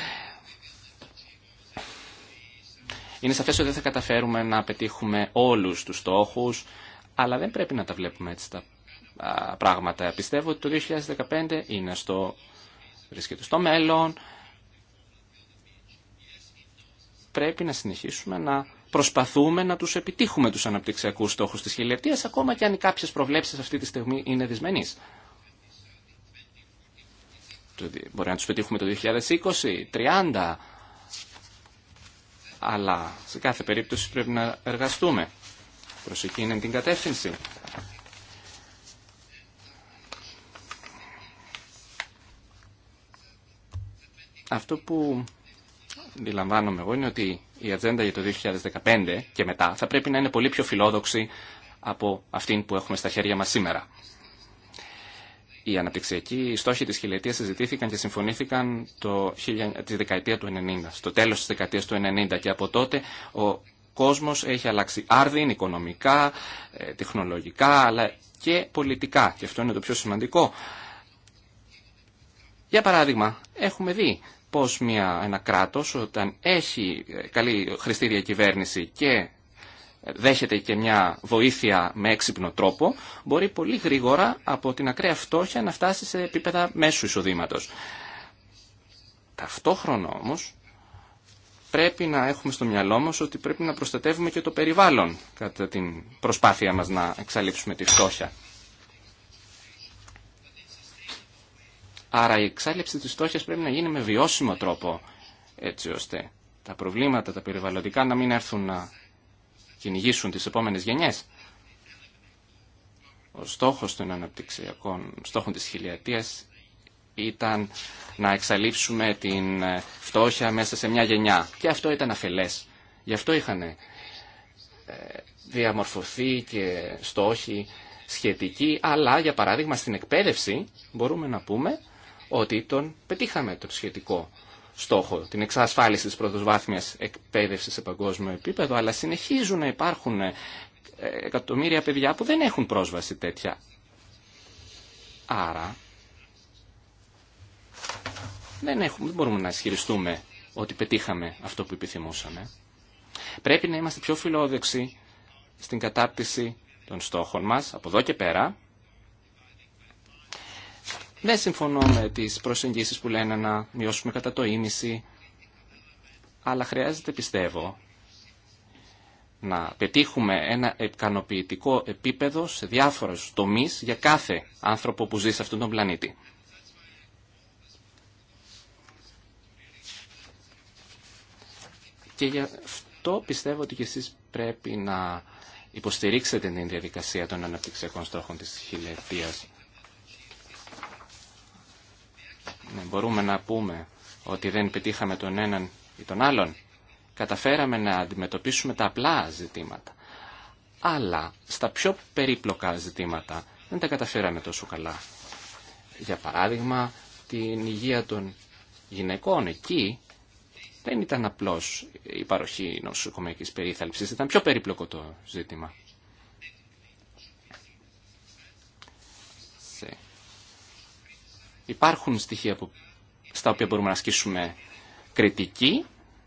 Είναι σαφές ότι δεν θα καταφέρουμε να πετύχουμε όλους τους στόχους, αλλά δεν πρέπει να τα βλέπουμε έτσι τα πράγματα. Πιστεύω ότι το 2015 είναι στο, βρίσκεται στο μέλλον. Πρέπει να συνεχίσουμε να προσπαθούμε να τους επιτύχουμε τους αναπτυξιακούς στόχους της χιλιετίας, ακόμα και αν οι κάποιες προβλέψεις αυτή τη στιγμή είναι δυσμενείς. Μπορεί να τους πετύχουμε το 2020, 30, αλλά σε κάθε περίπτωση πρέπει να εργαστούμε. Προς εκείνη την κατεύθυνση. Αυτό που αντιλαμβάνομαι εγώ είναι ότι η ατζέντα για το 2015 και μετά θα πρέπει να είναι πολύ πιο φιλόδοξη από αυτήν που έχουμε στα χέρια μας σήμερα. Οι αναπτυξιακοί στόχοι της χιλιετίας συζητήθηκαν και συμφωνήθηκαν το, τη δεκαετία του 1990, στο τέλος της δεκαετίας του 1990 και από τότε ο κόσμος έχει αλλάξει άρδιν, οικονομικά, ε, τεχνολογικά αλλά και πολιτικά και αυτό είναι το πιο σημαντικό. Για παράδειγμα, έχουμε δει πως μια, ένα κράτος όταν έχει καλή χρηστή διακυβέρνηση και δέχεται και μια βοήθεια με έξυπνο τρόπο, μπορεί πολύ γρήγορα από την ακραία φτώχεια να φτάσει σε επίπεδα μέσου εισοδήματος. Ταυτόχρονα όμως πρέπει να έχουμε στο μυαλό μας ότι πρέπει να προστατεύουμε και το περιβάλλον κατά την προσπάθεια μας να εξαλείψουμε τη φτώχεια. Άρα η εξάλληψη της φτώχειας πρέπει να γίνει με βιώσιμο τρόπο, έτσι ώστε τα προβλήματα, τα περιβαλλοντικά να μην έρθουν να κυνηγήσουν τις επόμενες γενιές. Ο στόχος των αναπτυξιακών στόχων της χιλιατίας ήταν να εξαλείψουμε την ε, φτώχεια μέσα σε μια γενιά. Και αυτό ήταν αφελές. Γι' αυτό είχαν ε, διαμορφωθεί και στόχοι σχετικοί, αλλά για παράδειγμα στην εκπαίδευση μπορούμε να πούμε ότι τον πετύχαμε τον σχετικό στόχο, την εξασφάλιση της πρωτοσβάθμιας εκπαίδευσης σε παγκόσμιο επίπεδο, αλλά συνεχίζουν να υπάρχουν ε, εκατομμύρια παιδιά που δεν έχουν πρόσβαση τέτοια. Άρα, δεν, έχουμε, δεν μπορούμε να ισχυριστούμε ότι πετύχαμε αυτό που επιθυμούσαμε. Πρέπει να είμαστε πιο φιλόδοξοι στην κατάπτυση των στόχων μας, από εδώ και πέρα, δεν ναι, συμφωνώ με τις προσεγγίσεις που λένε να μειώσουμε κατά το ίμιση, αλλά χρειάζεται, πιστεύω, να πετύχουμε ένα ικανοποιητικό επίπεδο σε διάφορες τομείς για κάθε άνθρωπο που ζει σε αυτόν τον πλανήτη. Και γι' αυτό πιστεύω ότι και εσείς πρέπει να υποστηρίξετε την διαδικασία των αναπτυξιακών στόχων της χιλιετίας. Ναι, μπορούμε να πούμε ότι δεν πετύχαμε τον έναν ή τον άλλον. Καταφέραμε να αντιμετωπίσουμε τα απλά ζητήματα. Αλλά στα πιο περίπλοκα ζητήματα δεν τα καταφέραμε τόσο καλά. Για παράδειγμα, την υγεία των γυναικών εκεί δεν ήταν απλώς η παροχή νοσοκομιακής περίθαλψης, ήταν πιο περίπλοκο το ζήτημα. Υπάρχουν στοιχεία που, στα οποία μπορούμε να ασκήσουμε κριτική,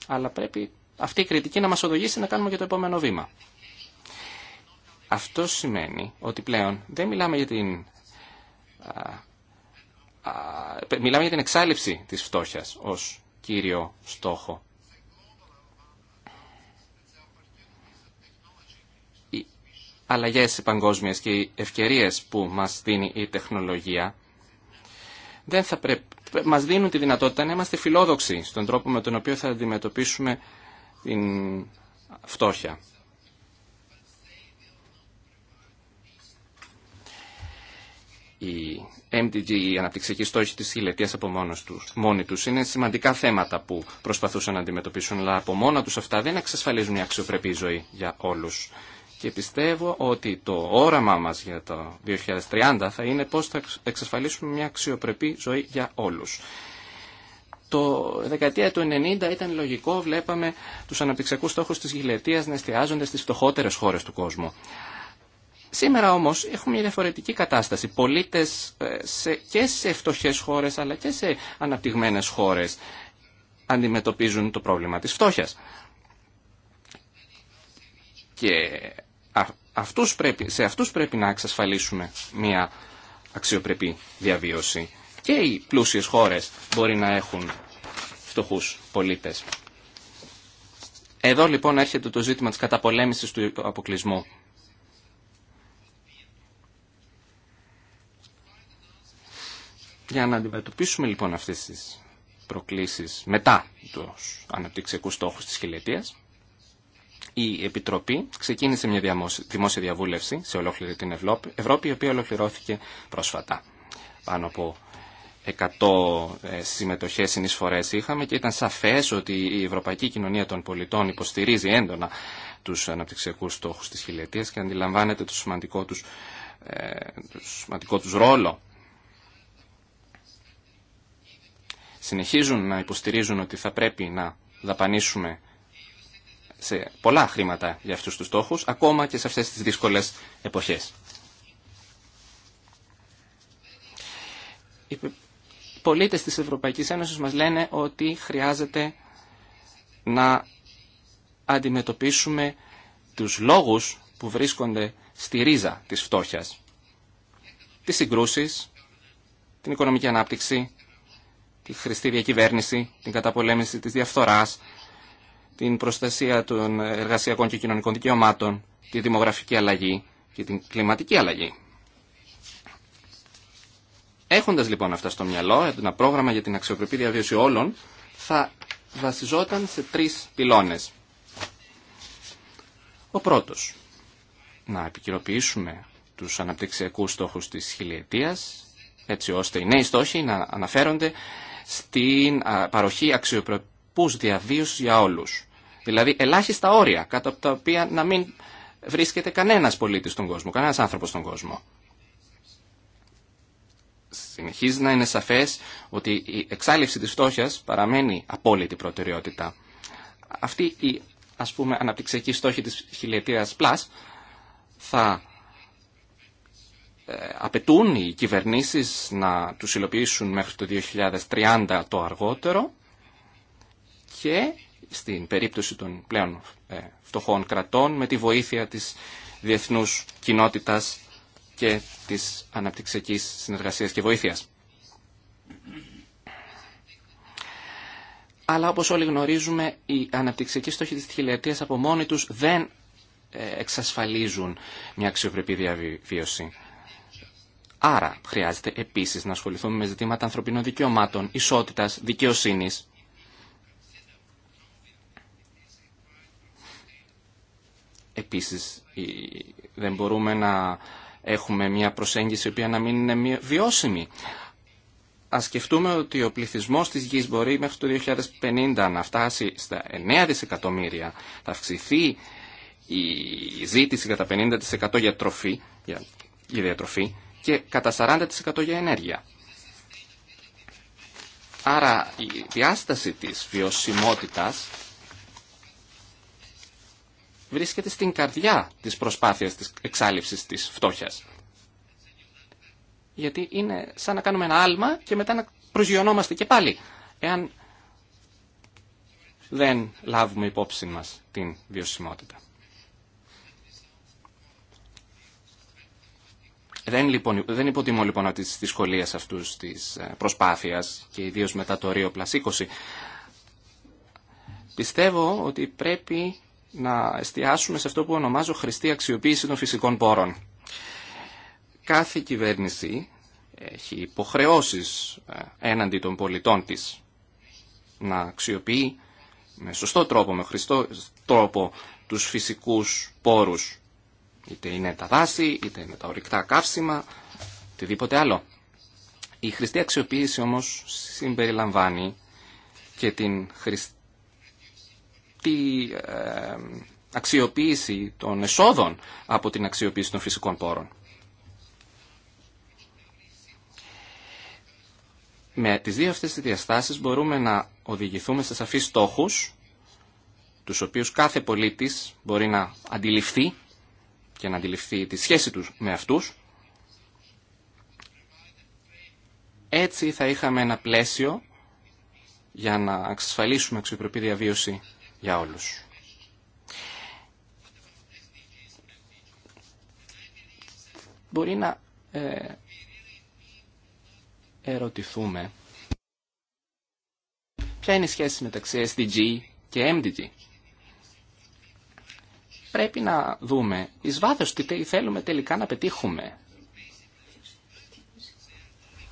αλλά πρέπει αυτή η κριτική να μας οδηγήσει να κάνουμε και το επόμενο βήμα. Αυτό σημαίνει ότι πλέον δεν μιλάμε για την, α, εξάλληψη της φτώχειας ως κύριο στόχο. Οι αλλαγές παγκόσμιες και οι ευκαιρίες που μας δίνει η τεχνολογία δεν θα πρέπει, μας δίνουν τη δυνατότητα να είμαστε φιλόδοξοι στον τρόπο με τον οποίο θα αντιμετωπίσουμε την φτώχεια. Η MDG, η αναπτυξιακοί στόχοι της ηλετίας από μόνος τους, μόνοι τους, είναι σημαντικά θέματα που προσπαθούσαν να αντιμετωπίσουν, αλλά από μόνα τους αυτά δεν εξασφαλίζουν η αξιοπρεπή ζωή για όλους και πιστεύω ότι το όραμα μας για το 2030 θα είναι πώς θα εξασφαλίσουμε μια αξιοπρεπή ζωή για όλους. Το δεκαετία του 90 ήταν λογικό, βλέπαμε τους αναπτυξιακούς στόχους της γηλετίας να εστιάζονται στις φτωχότερες χώρες του κόσμου. Σήμερα όμως έχουμε μια διαφορετική κατάσταση. Πολίτες ε, σε, και σε φτωχές χώρες αλλά και σε αναπτυγμένες χώρες αντιμετωπίζουν το πρόβλημα της φτώχειας. Και αυτούς πρέπει, σε αυτούς πρέπει να εξασφαλίσουμε μια αξιοπρεπή διαβίωση. Και οι πλούσιες χώρες μπορεί να έχουν φτωχούς πολίτες. Εδώ λοιπόν έρχεται το ζήτημα της καταπολέμησης του αποκλεισμού. Για να αντιμετωπίσουμε λοιπόν αυτές τις προκλήσεις μετά τους αναπτυξιακούς στόχους της χιλιετίας, η Επιτροπή ξεκίνησε μια δημόσια διαβούλευση σε ολόκληρη την Ευρώπη, η οποία ολοκληρώθηκε πρόσφατα. Πάνω από 100 ε, συμμετοχέ συνεισφορές είχαμε και ήταν σαφές ότι η Ευρωπαϊκή Κοινωνία των Πολιτών υποστηρίζει έντονα τους αναπτυξιακούς στόχους της χιλιετίας και αντιλαμβάνεται το σημαντικό τους, ε, το σημαντικό τους ρόλο. Συνεχίζουν να υποστηρίζουν ότι θα πρέπει να δαπανίσουμε σε πολλά χρήματα για αυτούς τους στόχους, ακόμα και σε αυτές τις δύσκολες εποχές. Οι πολίτες της Ευρωπαϊκής Ένωσης μας λένε ότι χρειάζεται να αντιμετωπίσουμε τους λόγους που βρίσκονται στη ρίζα της φτώχειας. Τις συγκρούσεις, την οικονομική ανάπτυξη, τη χρηστή διακυβέρνηση, την καταπολέμηση της διαφθοράς, την προστασία των εργασιακών και κοινωνικών δικαιωμάτων, τη δημογραφική αλλαγή και την κλιματική αλλαγή. Έχοντας λοιπόν αυτά στο μυαλό, ένα πρόγραμμα για την αξιοπρεπή διαβίωση όλων θα βασιζόταν σε τρεις πυλώνες. Ο πρώτος, να επικυροποιήσουμε τους αναπτυξιακούς στόχους της χιλιετίας, έτσι ώστε οι νέοι στόχοι να αναφέρονται στην παροχή αξιοπρεπούς διαβίωσης για όλους. Δηλαδή ελάχιστα όρια κάτω από τα οποία να μην βρίσκεται κανένας πολίτης στον κόσμο, κανένας άνθρωπος στον κόσμο. Συνεχίζει να είναι σαφές ότι η εξάλληψη της φτώχειας παραμένει απόλυτη προτεραιότητα. Αυτή η ας πούμε αναπτυξιακή στόχη της χιλιετίας πλας θα ε, απαιτούν οι κυβερνήσεις να τους υλοποιήσουν μέχρι το 2030 το αργότερο και στην περίπτωση των πλέον ε, φτωχών κρατών με τη βοήθεια της διεθνούς κοινότητας και της αναπτυξιακής συνεργασίας και βοήθειας. Αλλά όπως όλοι γνωρίζουμε, οι αναπτυξιακοί στόχοι της χιλιετίας από μόνοι τους δεν ε, εξασφαλίζουν μια αξιοπρεπή διαβίωση. Άρα χρειάζεται επίσης να ασχοληθούμε με ζητήματα ανθρωπινών δικαιωμάτων, ισότητας, δικαιοσύνης Επίσης, δεν μπορούμε να έχουμε μια προσέγγιση η οποία να μην είναι βιώσιμη. Ας σκεφτούμε ότι ο πληθυσμός της γης μπορεί μέχρι το 2050 να φτάσει στα 9 δισεκατομμύρια. Θα αυξηθεί η ζήτηση κατά 50% για τροφή, για, διατροφή και κατά 40% για ενέργεια. Άρα η διάσταση της βιωσιμότητας βρίσκεται στην καρδιά της προσπάθειας της εξάλληψης της φτώχειας. Γιατί είναι σαν να κάνουμε ένα άλμα και μετά να προσγειωνόμαστε και πάλι, εάν δεν λάβουμε υπόψη μας την βιωσιμότητα. Δεν, λοιπόν, δεν υποτιμώ λοιπόν τις δυσκολίες αυτούς της ε, προσπάθειας και ιδίως μετά το Ρίο Πλασίκωση. Πιστεύω ότι πρέπει να εστιάσουμε σε αυτό που ονομάζω χρηστή αξιοποίηση των φυσικών πόρων. Κάθε κυβέρνηση έχει υποχρεώσεις ε, έναντι των πολιτών της να αξιοποιεί με σωστό τρόπο, με χρηστό τρόπο τους φυσικούς πόρους. Είτε είναι τα δάση, είτε είναι τα ορυκτά καύσιμα, οτιδήποτε άλλο. Η χρηστή αξιοποίηση όμως συμπεριλαμβάνει και την χρηστή τη ε, αξιοποίηση των εσόδων από την αξιοποίηση των φυσικών πόρων. Με τις δύο αυτές τις διαστάσεις μπορούμε να οδηγηθούμε σε σαφείς στόχους, τους οποίους κάθε πολίτης μπορεί να αντιληφθεί και να αντιληφθεί τη σχέση τους με αυτούς. Έτσι θα είχαμε ένα πλαίσιο για να εξασφαλίσουμε αξιοπρεπή διαβίωση για όλους. Μπορεί να ε, ερωτηθούμε ποια είναι η σχέση μεταξύ SDG και MDG. Πρέπει να δούμε εις βάθος τι θέλουμε τελικά να πετύχουμε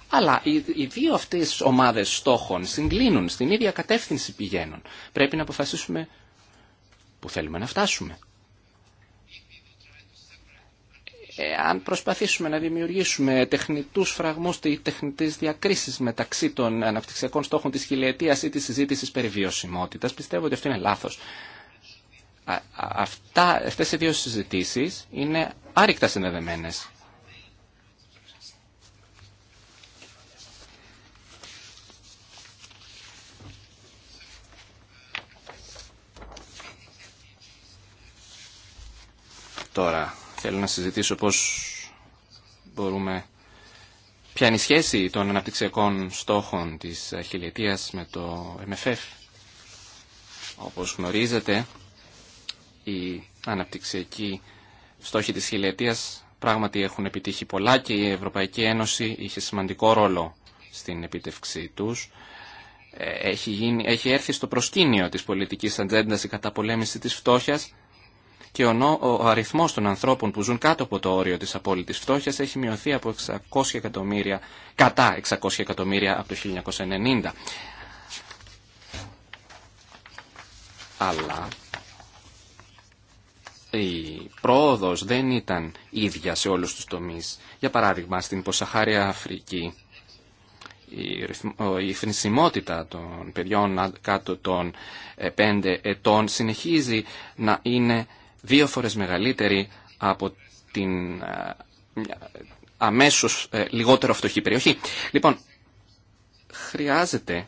αλλά οι δύο αυτές ομάδε στόχων συγκλίνουν, στην ίδια κατεύθυνση πηγαίνουν. Πρέπει να αποφασίσουμε που θέλουμε να φτάσουμε. Ε, αν προσπαθήσουμε να δημιουργήσουμε τεχνητούς φραγμούς ή τεχνητές διακρίσεις μεταξύ των αναπτυξιακών στόχων της χιλιετίας ή της συζήτησης περί βιωσιμότητας, πιστεύω ότι αυτό είναι λάθος. αυτά, αυτές οι δύο συζητήσεις είναι άρρηκτα συνδεδεμένες. τώρα. Θέλω να συζητήσω πώς μπορούμε... Ποια είναι η σχέση των αναπτυξιακών στόχων της χιλιετίας με το MFF. Όπως γνωρίζετε, οι αναπτυξιακοί στόχοι της χιλιετίας πράγματι έχουν επιτύχει πολλά και η Ευρωπαϊκή Ένωση είχε σημαντικό ρόλο στην επίτευξή τους. Ε, έχει, γίνει, έχει έρθει στο προσκήνιο της πολιτικής ατζέντας η καταπολέμηση της φτώχειας και ο αριθμός των ανθρώπων που ζουν κάτω από το όριο της απόλυτης φτώχειας έχει μειωθεί από 600 εκατομμύρια, κατά 600 εκατομμύρια από το 1990. Αλλά η πρόοδος δεν ήταν ίδια σε όλους τους τομείς. Για παράδειγμα, στην Ποσαχάρια Αφρική η θνησιμότητα των παιδιών κάτω των 5 ε, ετών συνεχίζει να είναι δύο φορές μεγαλύτερη από την αμέσως ε, λιγότερο φτωχή περιοχή. Λοιπόν, χρειάζεται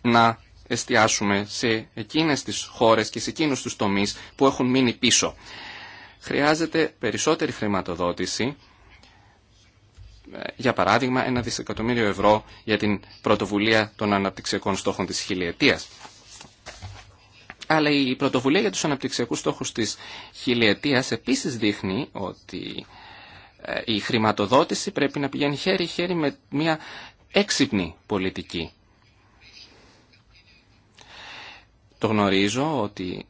να εστιάσουμε σε εκείνες τις χώρες και σε εκείνους τους τομείς που έχουν μείνει πίσω. Χρειάζεται περισσότερη χρηματοδότηση, ε, για παράδειγμα ένα δισεκατομμύριο ευρώ για την πρωτοβουλία των αναπτυξιακών στόχων της χιλιετίας. Αλλά η πρωτοβουλία για τους αναπτυξιακούς στόχους της χιλιετίας επίσης δείχνει ότι ε, η χρηματοδότηση πρέπει να πηγαίνει χέρι-χέρι με μια έξυπνη πολιτική. Το γνωρίζω ότι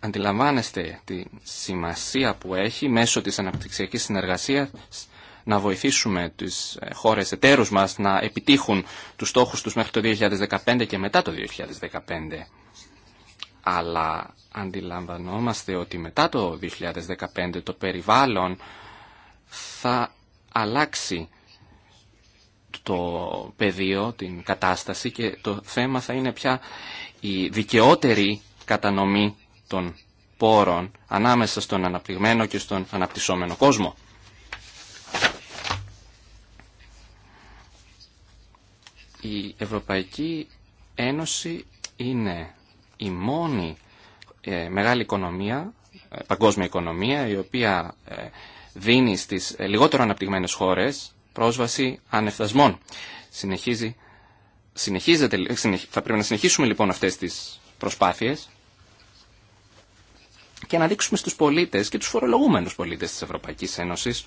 αντιλαμβάνεστε τη σημασία που έχει μέσω της αναπτυξιακής συνεργασίας να βοηθήσουμε τις ε, χώρες εταίρους μας να επιτύχουν τους στόχους τους μέχρι το 2015 και μετά το 2015 αλλά αντιλαμβανόμαστε ότι μετά το 2015 το περιβάλλον θα αλλάξει το πεδίο, την κατάσταση και το θέμα θα είναι πια η δικαιότερη κατανομή των πόρων ανάμεσα στον αναπτυγμένο και στον αναπτυσσόμενο κόσμο. Η Ευρωπαϊκή Ένωση είναι η μόνη ε, μεγάλη οικονομία, ε, παγκόσμια οικονομία, η οποία ε, δίνει στις λιγότερο αναπτυγμένες χώρες πρόσβαση ανεφθασμών. Συνεχίζει, συνεχίζεται, θα πρέπει να συνεχίσουμε λοιπόν αυτές τις προσπάθειες και να δείξουμε στους πολίτες και τους φορολογούμενους πολίτες της Ευρωπαϊκής Ένωσης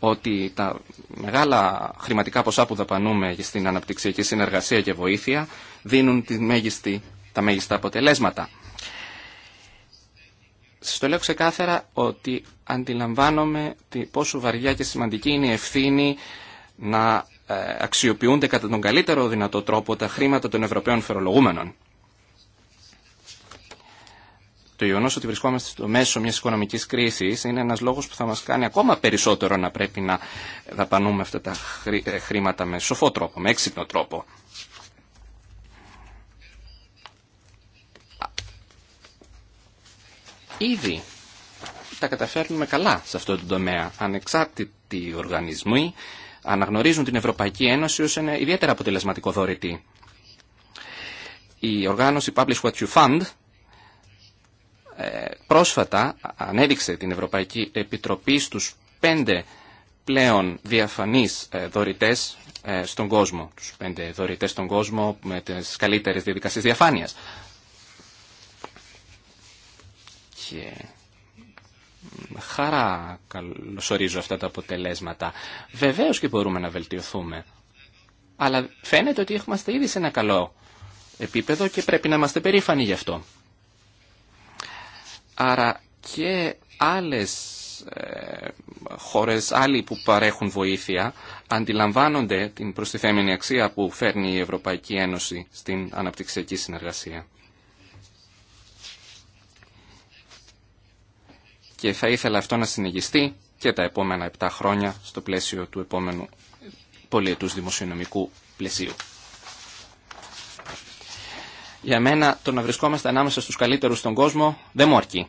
ότι τα μεγάλα χρηματικά ποσά που δαπανούμε στην αναπτυξιακή συνεργασία και βοήθεια δίνουν τη μέγιστη τα μέγιστα αποτελέσματα. Σας το λέω ξεκάθαρα ότι αντιλαμβάνομαι πόσο βαριά και σημαντική είναι η ευθύνη να ε, αξιοποιούνται κατά τον καλύτερο δυνατό τρόπο τα χρήματα των Ευρωπαίων Φερολογούμενων Το γεγονό ότι βρισκόμαστε στο μέσο μια οικονομική κρίση είναι ένα λόγο που θα μα κάνει ακόμα περισσότερο να πρέπει να δαπανούμε αυτά τα ε, χρήματα με σοφό τρόπο, με έξυπνο τρόπο. Ήδη τα καταφέρνουμε καλά σε αυτό το τομέα. Ανεξάρτητοι οργανισμοί αναγνωρίζουν την Ευρωπαϊκή Ένωση ως ένα ιδιαίτερα αποτελεσματικό δωρητή. Η οργάνωση Publish What You Fund ε, πρόσφατα ανέδειξε την Ευρωπαϊκή Επιτροπή στους πέντε πλέον διαφανείς ε, δωρητές ε, στον κόσμο. Τους πέντε δωρητές στον κόσμο με τις καλύτερες διαδικασίες διαφάνειας και χαρά καλωσορίζω αυτά τα αποτελέσματα. Βεβαίως και μπορούμε να βελτιωθούμε. Αλλά φαίνεται ότι είμαστε ήδη σε ένα καλό επίπεδο και πρέπει να είμαστε περήφανοι γι' αυτό. Άρα και άλλες ε, χώρες άλλοι που παρέχουν βοήθεια αντιλαμβάνονται την προστιθέμενη αξία που φέρνει η Ευρωπαϊκή Ένωση στην αναπτυξιακή συνεργασία. και θα ήθελα αυτό να συνεχιστεί και τα επόμενα 7 χρόνια στο πλαίσιο του επόμενου πολιετούς δημοσιονομικού πλαισίου. Για μένα το να βρισκόμαστε ανάμεσα στους καλύτερους στον κόσμο δεν μου αρκεί.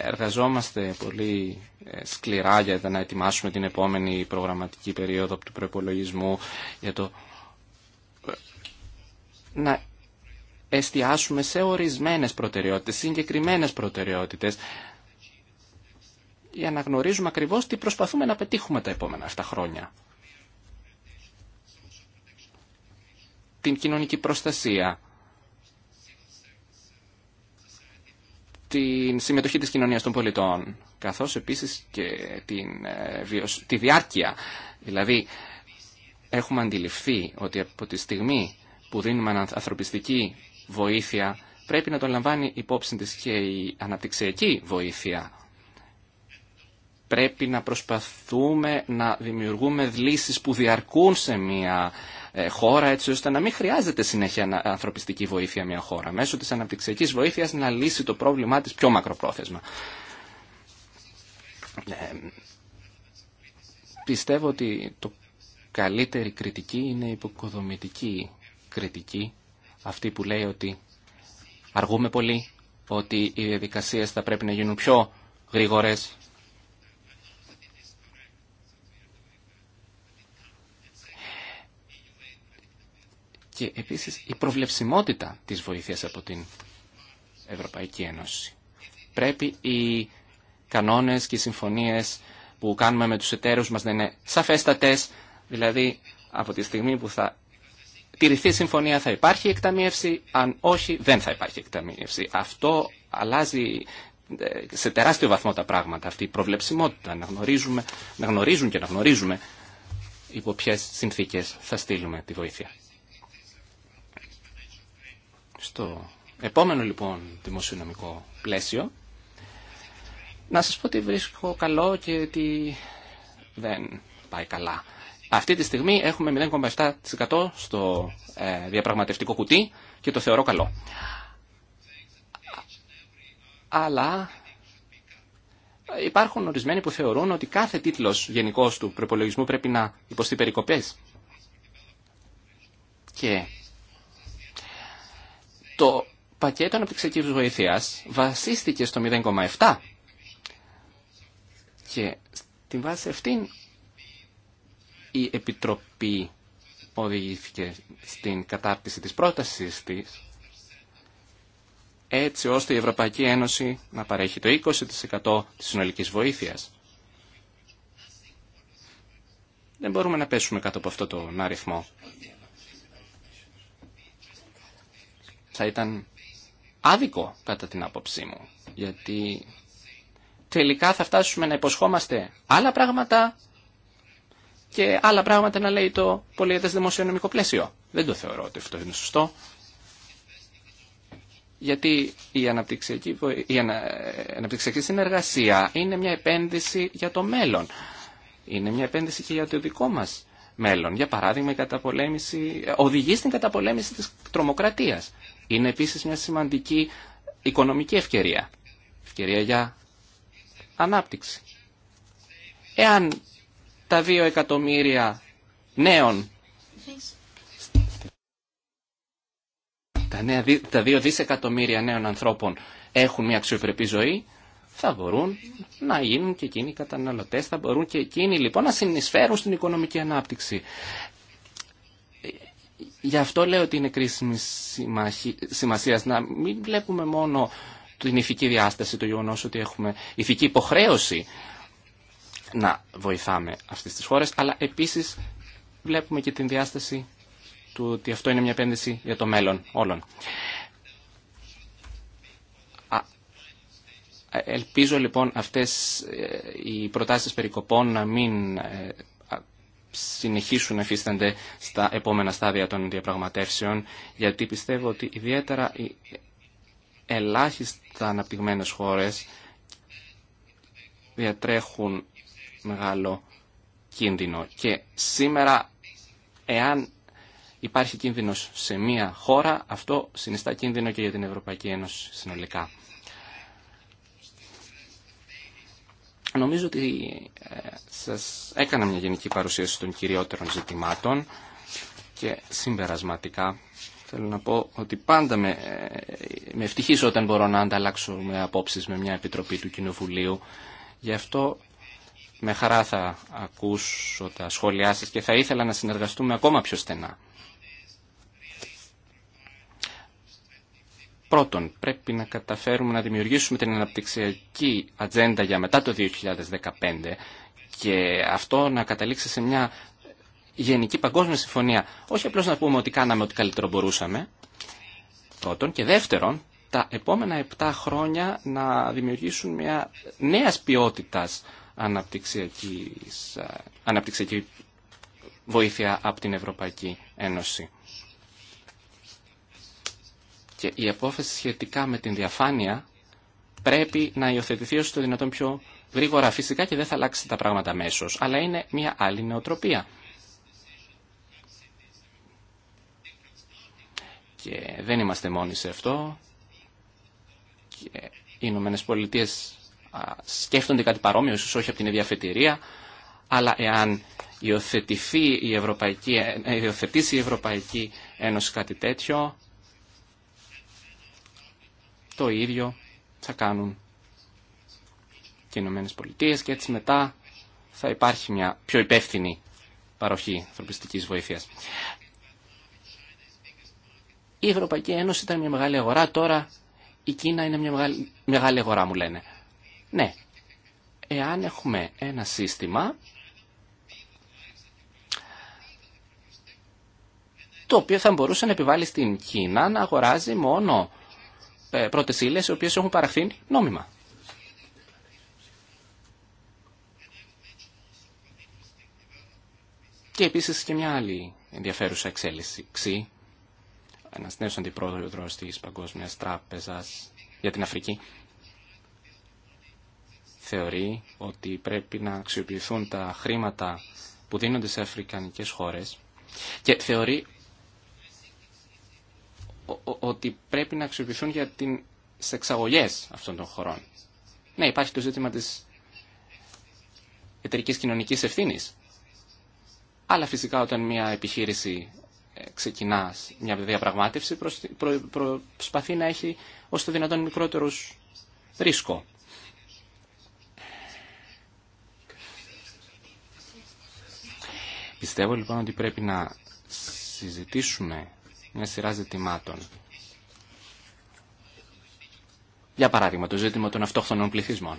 Εργαζόμαστε πολύ ε, σκληρά για να ετοιμάσουμε την επόμενη προγραμματική περίοδο του προπολογισμού για το ε, να εστιάσουμε σε ορισμένες προτεραιότητες, συγκεκριμένες προτεραιότητες, για να γνωρίζουμε ακριβώς τι προσπαθούμε να πετύχουμε τα επόμενα αυτά χρόνια. Την κοινωνική προστασία, την συμμετοχή της κοινωνίας των πολιτών, καθώς επίσης και την, ε, τη διάρκεια. Δηλαδή, έχουμε αντιληφθεί ότι από τη στιγμή που δίνουμε ανθρωπιστική βοήθεια πρέπει να τον λαμβάνει υπόψη της και η αναπτυξιακή βοήθεια. Πρέπει να προσπαθούμε να δημιουργούμε λύσεις που διαρκούν σε μια ε, χώρα έτσι ώστε να μην χρειάζεται συνέχεια ανθρωπιστική βοήθεια μια χώρα. Μέσω της αναπτυξιακής βοήθειας να λύσει το πρόβλημά της πιο μακροπρόθεσμα. Ε, πιστεύω ότι το καλύτερη κριτική είναι η υποκοδομητική κριτική αυτή που λέει ότι αργούμε πολύ, ότι οι διαδικασίε θα πρέπει να γίνουν πιο γρήγορες. Και επίσης η προβλεψιμότητα της βοήθειας από την Ευρωπαϊκή Ένωση. Πρέπει οι κανόνες και οι συμφωνίες που κάνουμε με τους εταίρους μας να είναι σαφέστατες, δηλαδή από τη στιγμή που θα τηρηθεί συμφωνία θα υπάρχει εκταμίευση, αν όχι δεν θα υπάρχει εκταμίευση. Αυτό αλλάζει ε, σε τεράστιο βαθμό τα πράγματα, αυτή η προβλεψιμότητα, να, γνωρίζουμε, να γνωρίζουν και να γνωρίζουμε υπό ποιε συνθήκες θα στείλουμε τη βοήθεια. Στο επόμενο λοιπόν δημοσιονομικό πλαίσιο, να σας πω τι βρίσκω καλό και τι δεν πάει καλά. Αυτή τη στιγμή έχουμε 0,7% στο ε, διαπραγματευτικό κουτί και το θεωρώ καλό. Αλλά υπάρχουν ορισμένοι που θεωρούν ότι κάθε τίτλος γενικός του προπολογισμού πρέπει να υποστεί περικοπές. Και το πακέτο αναπτυξιακής βοήθειας βασίστηκε στο 0,7% και στην βάση αυτήν η Επιτροπή οδηγήθηκε στην κατάρτιση της πρότασης της, έτσι ώστε η Ευρωπαϊκή Ένωση να παρέχει το 20% της συνολικής βοήθειας. Δεν μπορούμε να πέσουμε κάτω από αυτό τον αριθμό. Θα ήταν άδικο κατά την άποψή μου, γιατί τελικά θα φτάσουμε να υποσχόμαστε άλλα πράγματα και άλλα πράγματα να λέει το πολιετές δημοσιονομικό πλαίσιο. Δεν το θεωρώ ότι αυτό είναι σωστό. Γιατί η αναπτυξιακή, η ε, αναπτυξιακή συνεργασία είναι μια επένδυση για το μέλλον. Είναι μια επένδυση και για το δικό μας μέλλον. Για παράδειγμα, η καταπολέμηση, οδηγεί στην καταπολέμηση της τρομοκρατίας. Είναι επίσης μια σημαντική οικονομική ευκαιρία. Ευκαιρία για ανάπτυξη. Εάν τα δύο εκατομμύρια νέων. Τα, νέα, δισεκατομμύρια νέων ανθρώπων έχουν μια αξιοπρεπή ζωή, θα μπορούν να γίνουν και εκείνοι καταναλωτές, θα μπορούν και εκείνοι λοιπόν να συνεισφέρουν στην οικονομική ανάπτυξη. Γι' αυτό λέω ότι είναι κρίσιμη σημασία να μην βλέπουμε μόνο την ηθική διάσταση, το γεγονό ότι έχουμε ηθική υποχρέωση να βοηθάμε αυτές τις χώρες, αλλά επίσης βλέπουμε και την διάσταση του ότι αυτό είναι μια επένδυση για το μέλλον όλων. Ελπίζω λοιπόν αυτές ε, οι προτάσεις περικοπών να μην ε, συνεχίσουν να εφίστανται στα επόμενα στάδια των διαπραγματεύσεων, γιατί πιστεύω ότι ιδιαίτερα οι ελάχιστα αναπτυγμένες χώρες διατρέχουν μεγάλο κίνδυνο. Και σήμερα, εάν υπάρχει κίνδυνος σε μία χώρα, αυτό συνιστά κίνδυνο και για την Ευρωπαϊκή Ένωση συνολικά. Νομίζω ότι ε, σας έκανα μια γενική παρουσίαση των κυριότερων ζητημάτων και συμπερασματικά θέλω να πω ότι πάντα με, ε, με ευτυχίζω όταν μπορώ να ανταλλάξω με απόψεις με μια επιτροπή του Κοινοβουλίου. Γι' αυτό με χαρά θα ακούσω τα σχόλιά σας και θα ήθελα να συνεργαστούμε ακόμα πιο στενά. Πρώτον, πρέπει να καταφέρουμε να δημιουργήσουμε την αναπτυξιακή ατζέντα για μετά το 2015 και αυτό να καταλήξει σε μια γενική παγκόσμια συμφωνία. Όχι απλώς να πούμε ότι κάναμε ό,τι καλύτερο μπορούσαμε, πρώτον. Και δεύτερον, τα επόμενα 7 χρόνια να δημιουργήσουν μια νέας ποιότητας ε, αναπτυξιακή βοήθεια από την Ευρωπαϊκή Ένωση. Και η απόφαση σχετικά με την διαφάνεια πρέπει να υιοθετηθεί όσο το δυνατόν πιο γρήγορα φυσικά και δεν θα αλλάξει τα πράγματα αμέσω. Αλλά είναι μια άλλη νεοτροπία. Και δεν είμαστε μόνοι σε αυτό. Και οι Ηνωμένε Πολιτείε σκέφτονται κάτι παρόμοιο, ίσως όχι από την ίδια αφετηρία, αλλά εάν υιοθετηθεί η Ευρωπαϊκή, ε, ε, υιοθετήσει η Ευρωπαϊκή Ένωση κάτι τέτοιο, το ίδιο θα κάνουν και οι Ηνωμένες Πολιτείες και έτσι μετά θα υπάρχει μια πιο υπεύθυνη παροχή ανθρωπιστικής βοήθειας. Η Ευρωπαϊκή Ένωση ήταν μια μεγάλη αγορά, τώρα η Κίνα είναι μια μεγάλη αγορά μου λένε. Ναι, εάν έχουμε ένα σύστημα το οποίο θα μπορούσε να επιβάλλει στην Κίνα να αγοράζει μόνο ε, πρώτες ύλες οι οποίες έχουν παραχθεί νόμιμα. Και επίσης και μια άλλη ενδιαφέρουσα εξέλιξη. Ένας νέος αντιπρόεδρος τη Παγκόσμια Τράπεζας για την Αφρική θεωρεί ότι πρέπει να αξιοποιηθούν τα χρήματα που δίνονται σε αφρικανικές χώρες και θεωρεί ότι πρέπει να αξιοποιηθούν για την εξαγωγές αυτών των χωρών. Ναι, υπάρχει το ζήτημα της εταιρικής κοινωνικής ευθύνης. Αλλά φυσικά όταν μια επιχείρηση ε, ξεκινά μια διαπραγμάτευση προσπαθεί να έχει ως το δυνατόν μικρότερους ρίσκο. Πιστεύω λοιπόν ότι πρέπει να συζητήσουμε μια σειρά ζητημάτων. Για παράδειγμα, το ζήτημα των αυτόχθονων πληθυσμών.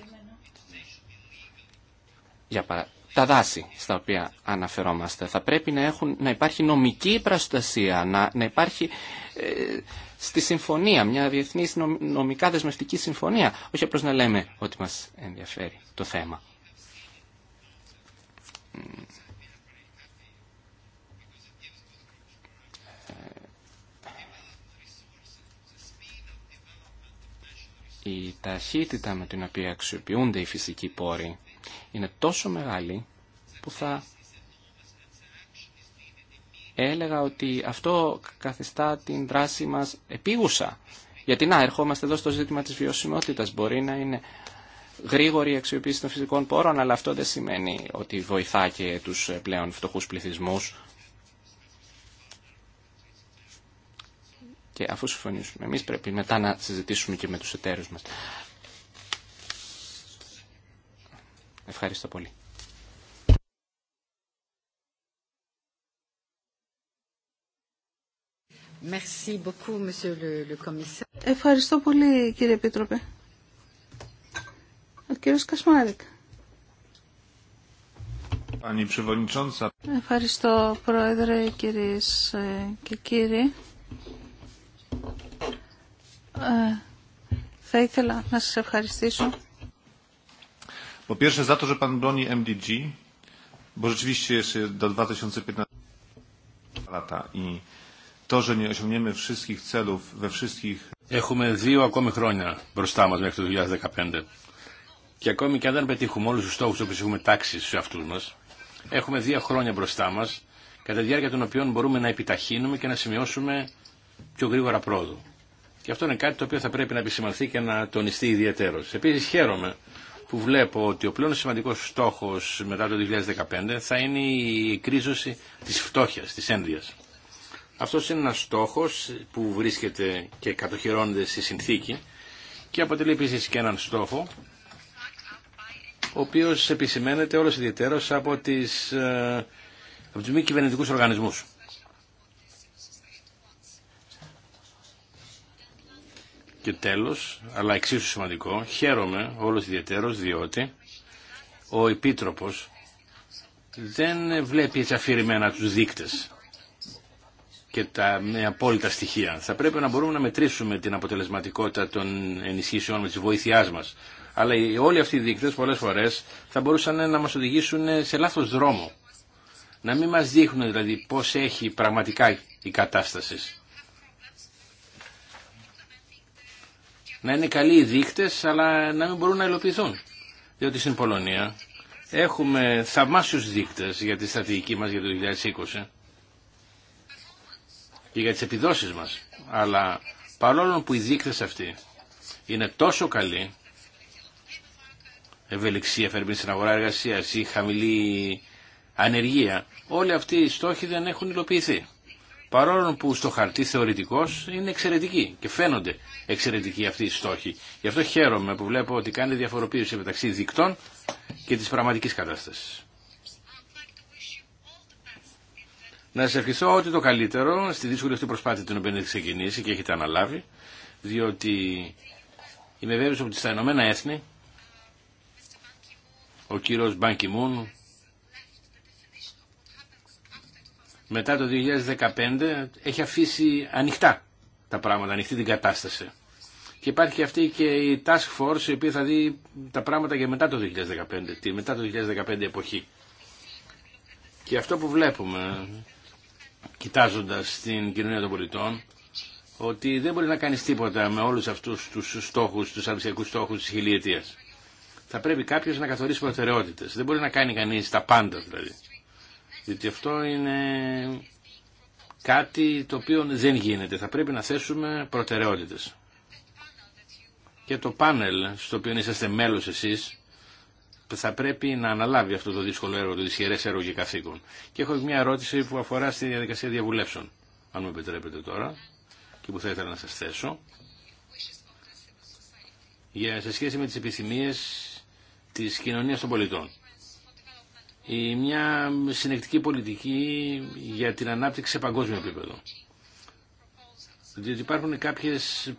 Για παρα... Τα δάση στα οποία αναφερόμαστε θα πρέπει να, έχουν, να υπάρχει νομική προστασία, να, να υπάρχει ε, στη συμφωνία, μια διεθνή νομικά δεσμευτική συμφωνία. Όχι απλώς να λέμε ότι μας ενδιαφέρει το θέμα. η ταχύτητα με την οποία αξιοποιούνται οι φυσικοί πόροι είναι τόσο μεγάλη που θα έλεγα ότι αυτό καθιστά την δράση μας επίγουσα. Γιατί να, ερχόμαστε εδώ στο ζήτημα της βιωσιμότητας. Μπορεί να είναι γρήγορη η αξιοποίηση των φυσικών πόρων, αλλά αυτό δεν σημαίνει ότι βοηθά και τους πλέον φτωχούς πληθυσμούς και αφού συμφωνήσουμε εμείς πρέπει μετά να συζητήσουμε και με τους εταίρους μας. Ευχαριστώ πολύ. Ευχαριστώ πολύ κύριε Επίτροπε. Ο κύριος Κασμάρικ. Ευχαριστώ πρόεδρε κύριε και κύριοι. Ε, θα ήθελα να σας ευχαριστήσω. Po pierwsze za to, że pan broni MDG, bo rzeczywiście jest e, do 2015 lata i to, że nie osiągniemy wszystkich celów we wszystkich... Έχουμε δύο ακόμη χρόνια μπροστά μας μέχρι το 2015. Και ακόμη και αν δεν πετύχουμε όλους τους στόχους που έχουμε τάξει στους αυτούς μας, έχουμε δύο χρόνια μπροστά μας, κατά τη διάρκεια των οποίων μπορούμε να επιταχύνουμε και να σημειώσουμε πιο γρήγορα πρόοδο. Και αυτό είναι κάτι το οποίο θα πρέπει να επισημανθεί και να τονιστεί ιδιαίτερο. Επίση χαίρομαι που βλέπω ότι ο πλέον σημαντικός στόχος μετά το 2015 θα είναι η κρίζωση της φτώχεια, της ένδυα. Αυτός είναι ένας στόχος που βρίσκεται και κατοχυρώνεται στη συνθήκη και αποτελεί επίση και έναν στόχο ο οποίος επισημαίνεται όλος ιδιαίτερος από, τις, ε, μη κυβερνητικού οργανισμούς. Και τέλος, αλλά εξίσου σημαντικό, χαίρομαι όλος ιδιαίτερος διότι ο Επίτροπος δεν βλέπει έτσι αφηρημένα τους δείκτες και τα με απόλυτα στοιχεία. Θα πρέπει να μπορούμε να μετρήσουμε την αποτελεσματικότητα των ενισχύσεων με τη βοήθειά μα, Αλλά όλοι αυτοί οι δείκτες πολλές φορές θα μπορούσαν να μας οδηγήσουν σε λάθος δρόμο. Να μην μας δείχνουν δηλαδή πώς έχει πραγματικά η κατάσταση. να είναι καλοί οι δείκτες αλλά να μην μπορούν να υλοποιηθούν. Διότι στην Πολωνία έχουμε θαυμάσιους δείκτες για τη στρατηγική μας για το 2020 και για τις επιδόσεις μας. Αλλά παρόλο που οι δείκτες αυτοί είναι τόσο καλοί, ευελιξία φερμή στην αγορά εργασίας ή χαμηλή ανεργία, όλοι αυτοί οι στόχοι δεν έχουν υλοποιηθεί παρόλο που στο χαρτί θεωρητικός είναι εξαιρετική και φαίνονται εξαιρετικοί αυτοί οι στόχοι. Γι' αυτό χαίρομαι που βλέπω ότι κάνει διαφοροποίηση μεταξύ δικτών και της πραγματικής κατάστασης. Να σας ευχηθώ ότι το καλύτερο στη δύσκολη αυτή προσπάθεια την οποία έχετε ξεκινήσει και έχετε αναλάβει, διότι είμαι βέβαιος ότι στα Ηνωμένα Έθνη ο κύριος Μπάνκι Μούν μετά το 2015 έχει αφήσει ανοιχτά τα πράγματα, ανοιχτή την κατάσταση. Και υπάρχει αυτή και η Task Force η οποία θα δει τα πράγματα και μετά το 2015, τη μετά το 2015 εποχή. Και αυτό που βλέπουμε, κοιτάζοντας την κοινωνία των πολιτών, ότι δεν μπορεί να κάνεις τίποτα με όλους αυτούς τους στόχους, τους αρνησιακούς στόχους της χιλιετίας. Θα πρέπει κάποιος να καθορίσει προτεραιότητες. Δεν μπορεί να κάνει κανείς τα πάντα δηλαδή διότι αυτό είναι κάτι το οποίο δεν γίνεται. Θα πρέπει να θέσουμε προτεραιότητες. Και το πάνελ στο οποίο είσαστε μέλος εσείς θα πρέπει να αναλάβει αυτό το δύσκολο έργο, το δυσχερές έργο και καθήκον. Και έχω μια ερώτηση που αφορά στη διαδικασία διαβουλεύσεων, αν μου επιτρέπετε τώρα, και που θα ήθελα να σας θέσω. Για σε σχέση με τις επιθυμίες της κοινωνίας των πολιτών μια συνεκτική πολιτική για την ανάπτυξη σε παγκόσμιο επίπεδο. Διότι υπάρχουν κάποιες